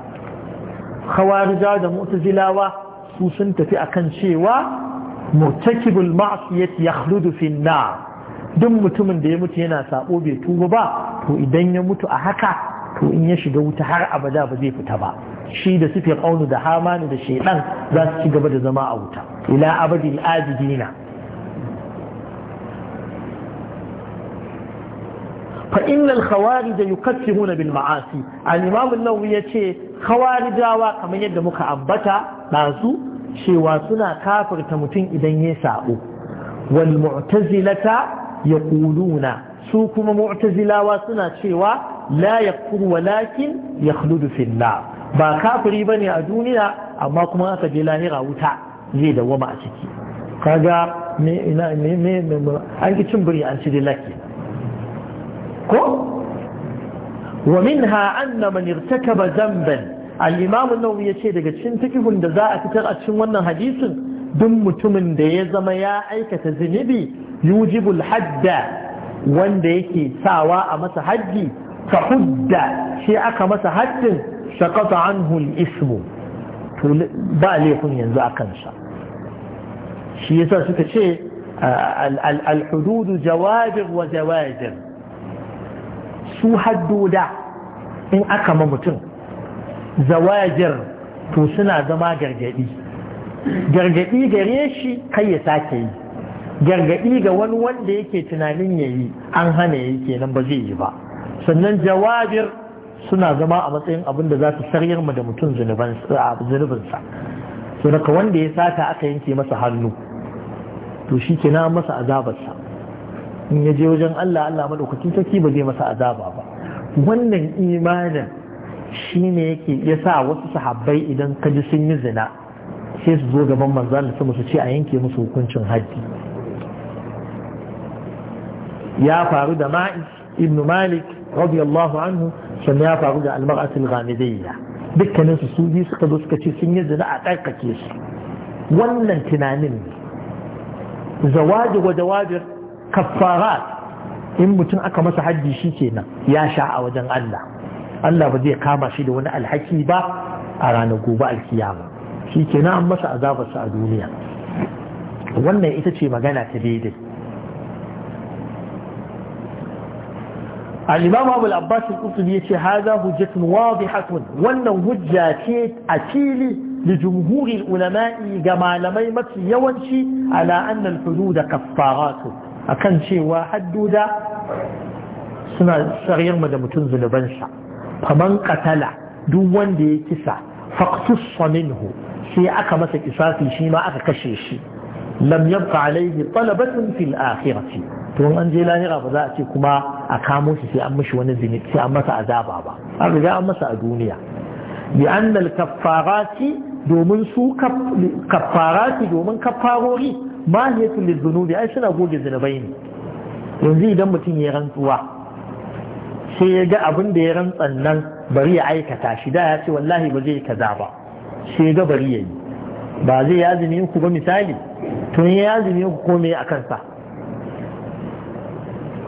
khawarijawa da mu'tazilawa su sun tafi akan cewa murtakibul ma'siyati yakhludu fi nar duk mutumin da ya mutu yana sabo bai tuba ba to idan ya mutu a haka to in ya shiga wuta har abada ba zai fita ba shi da su fir'aunu da hamanu da shaidan za su ci gaba da zama a wuta ila abadin ajidina fa innal khawarij yukaththimuna bil ma'asi al imam an-nawawi yace khawarijawa kamar yadda muka abbata ba cewa suna kafirta mutum idan ya saɓo, wal mu'tazilata yaquluna su kuma mu'tazilawa suna cewa la yakfuru walakin yakhludu fil nar ba kafiri bane a duniya amma kuma aka je lahira wuta zai dawama a ciki kaga me ina me me an ki cin buri an ci laki ko wa minha anna man irtakaba dhanban al-imam an-nawawi yace daga cikin tikihun da za a fitar a cikin wannan hadisin duk mutumin da ya zama ya aikata zinubi yujibul hadda wanda yake sawa a masa haddi ka hudda sai aka masa haddin shaqata anhu al-ismu to ba laifin yanzu a kansa shi yasa suka ce al-hudud jawabin wa zawajir su hadduda in aka ma mutum zawajir to suna zama gargadi gargadi gare shi kai ya sake yi gargadi ga wani wanda yake tunanin yayi an hana yake nan ba zai yi ba sannan jawabir suna zama a matsayin abin da za su sarjar mu da mutum zunubinsa so daga wanda ya sata aka yanke masa hannu to shi ke masa azabarsa in ya je wajen Allah Allah maɗaukakin sarki ba zai masa azaba ba wannan imanin shi ne yake ya sa wasu sahabbai idan ka ji sun yi zina sai su zo gaban manzan da su ce a yanke musu hukuncin haddi ya faru da ma'is ibn malik radiyallahu anhu sannan ya faru da almar'atul ghamidiyya Dukkaninsu su biyu suka zo suka ce sun yi zina a tsarkake su wannan tunanin ne zawaji wa jawabir kaffarat in mutum aka masa hajji shi kenan ya sha a wajen Allah Allah ba zai kama shi da wani alhaki ba a ranar gobe alkiyama shi kenan an masa azabarsa a duniya wannan ita ce magana ta daidai الإمام أبو العباس القرطبي يتي هذا هجة واضحة ولو هجة أتيلي لجمهور العلماء لم يمت يونشي على أن الحدود كفارات أكن شيء دودا سنة صغير مدى متنزل بنشا فمن قتل دون دي كسا فاقتص منه في أكا مسك إساسي شيء ما أكا كشيشي لم يبقى عليه طلبة في الآخرة تقول أنجي لا نغى كما a kamo shi sai an mishi wani zini sai an masa azaba ba an riga an masa a duniya bi annal kaffarati domin su kaffarati domin kaffarori ma lizunubi ai suna goge zinubai ne yanzu idan mutum ya rantsuwa sai ya ga abin da ya rantsan nan bari ya aikata shi da ya ce wallahi ba zai kaza ba sai ya ga bari ya yi ba zai yi azumi ku ba misali to ya azumi ku kome a kansa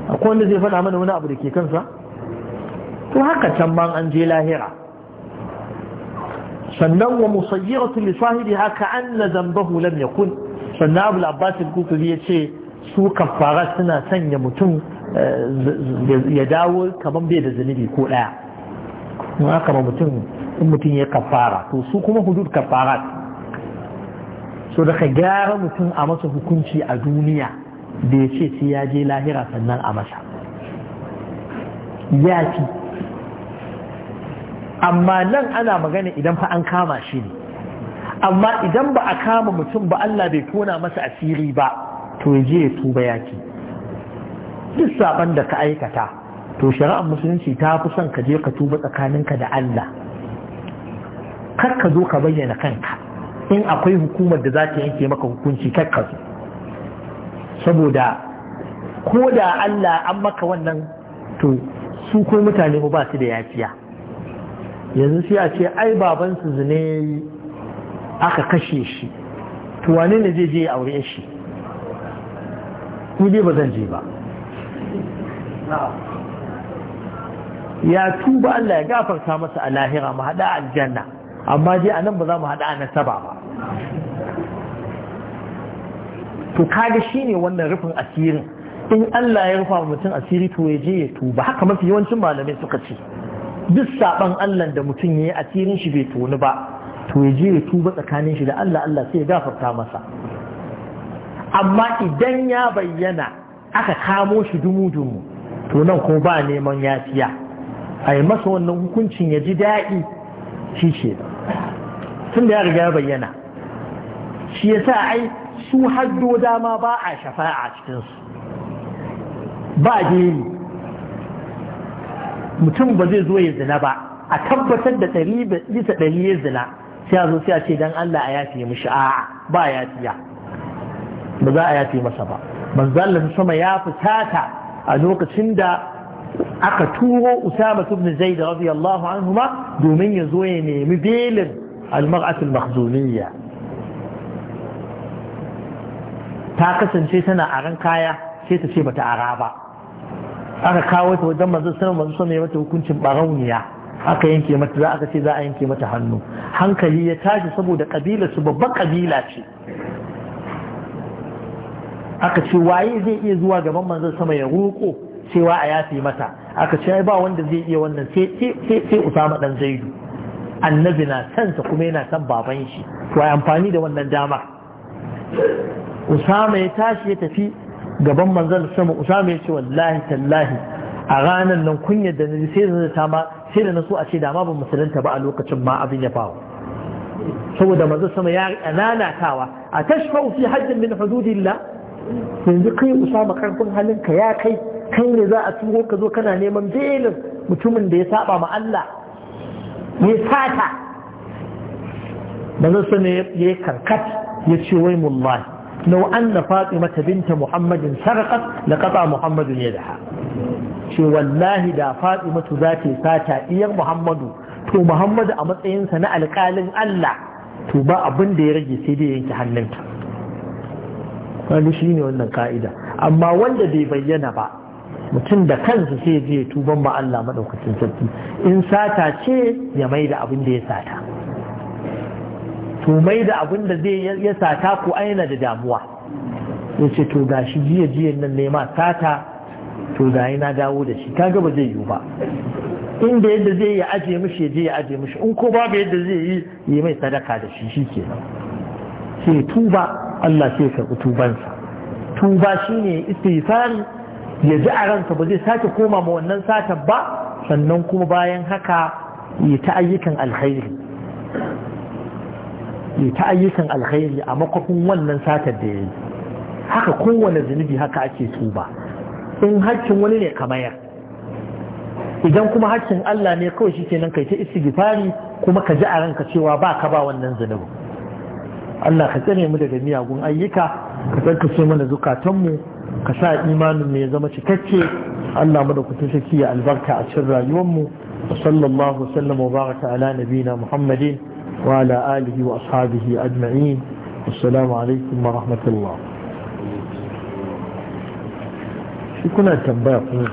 akwai wanda zai faɗa mana wani abu da ke kansa to haka can ban an je lahira sannan wa musayyiratu li sahibi haka anna zambahu lam yakun sannan abul abbas al-kutubi su kafara suna sanya mutum eh, ya dawo kaman bai da zunubi ko daya Kuma haka mutum in mutum ya kafara to su kuma hudud kafara so daga gyara mutum a masa hukunci a duniya Da bai ce sai ya je lahira sannan a masa ya fi amma nan ana magana idan fa an kama shi ne amma idan ba a kama mutum ba Allah bai kona masa asiri ba to ya je ya tuba ya ki duk saban da ka aikata to shari'ar musulunci ta fi son ka je ka tuba tsakaninka da Allah kar ka zo ka bayyana kanka in akwai hukumar da za ta yanke maka hukunci kar ka zo saboda ko da Allah an maka wannan to su ko mutane ba su da yafiya yanzu sai a ce ai babansu zine aka kashe shi to wane ne zai je aure shi ni dai ba zan je ba ya tuba Allah ya gafarta masa a lahira mu hada aljanna amma dai a nan ba za mu hada a nasaba ba to kaga ne wannan rufin asirin in Allah ya rufa mutum asiri to ya je ya tuba haka mafi yawancin malamai suka ce duk saban Allah da mutum ya yi asirin shi bai tuni ba to ya je ya tuba tsakanin shi da Allah Allah sai ya gafarta masa amma idan ya bayyana aka kamo shi dumu-dumu to nan ko ba neman yafiya a yi masa wannan hukuncin ya ji daɗi shi ce tun da ya riga ya bayyana shi ya sa ai su haddoda ma ba a shafa'a cikinsu ba gini mutum ba zai zo ya zina ba a tabbatar da ɗari bisa ɗari ya zina sai a zo sai a ce don Allah a yafi mishi a'a ba yafiya ba za a yafi masa ba manzo sama ya fitata a lokacin da aka turo Usama zai da radiyallahu anhu ma domin ya zo ya nemi belin al-mar'atul makhzumiyya ta kasance tana aran kaya sai ta ce bata ara ba aka kawo ta wajen manzo sanar manzo sanar ya mata hukuncin barauniya aka yanke mata za aka ce za a yanke mata hannu hankali ya tashi saboda kabila su babban kabila ce aka ce waye zai iya zuwa gaban manzon sama ya roko cewa a yafe mata aka ce ai ba wanda zai iya wannan sai sai Usama dan Zaidu annabi na san sa kuma yana san baban shi to amfani da wannan dama usama ya tashi ya tafi gaban manzan sama usama ya ce wallahi tallahi a ranar nan kunyar da naji sai da ta ma sai da na so a ce da ma ban musulunta ba a lokacin ma abin ya faru saboda manzon sama ya nanatawa a tashfau fi haddin min hududillah yanzu kai usama karfin ka ya kai kai ne za a tuho ka zo kana neman belin mutumin da ya saba ma Allah ya sata manzon sama ya karkat ya ce wai mullahi لو أن فاطمة بنت محمد سرقت لقطع محمد يدها شو والله دا فاطمة ذاتي ساتا إيا محمد تو محمد أمطعين سنة القالن الله to ba abin da ya rage sai dai yanke hannunta wani shi wannan ka'ida amma wanda bai bayyana ba mutum da kansa sai je tuban ba Allah maɗaukacin sarki in sata ce ya mai da abin da ya sata to mai da abin da zai ya sata ko aina da damuwa ya ce to ga shi jiya jiyan nan ne ma sata to ga na dawo da shi kaga ba zai yiwu ba inda yadda zai yi aje mishi ya je ya aje mishi in ko babu yadda zai yi yi mai sadaka da shi shi ke sai tuba Allah sai karɓi tubansa tuba shine istighfari ya ji a ransa ba zai sake koma ma wannan satan ba sannan kuma bayan haka yi ta ayyukan alkhairi ya ta ayyukan alkhairi a makwafin wannan satar da ya yi haka kowane zunubi haka ake tuba in haccin wani ne kamayar idan kuma haccin Allah ne kawai shi kenan kai ta istighfari kuma ka ji a ranka cewa ba ka ba wannan zunubin Allah ka tsare mu daga miyagun ayyuka ka tsarkace mana zukatanmu ka sa imanin mu ya zama cikakke Allah mu da kuta saki ya albarka a cikin rayuwarmu sallallahu sallam wa baraka ala nabiyina muhammadin وعلى آله وأصحابه أجمعين والسلام عليكم ورحمة الله شكرا تنبيه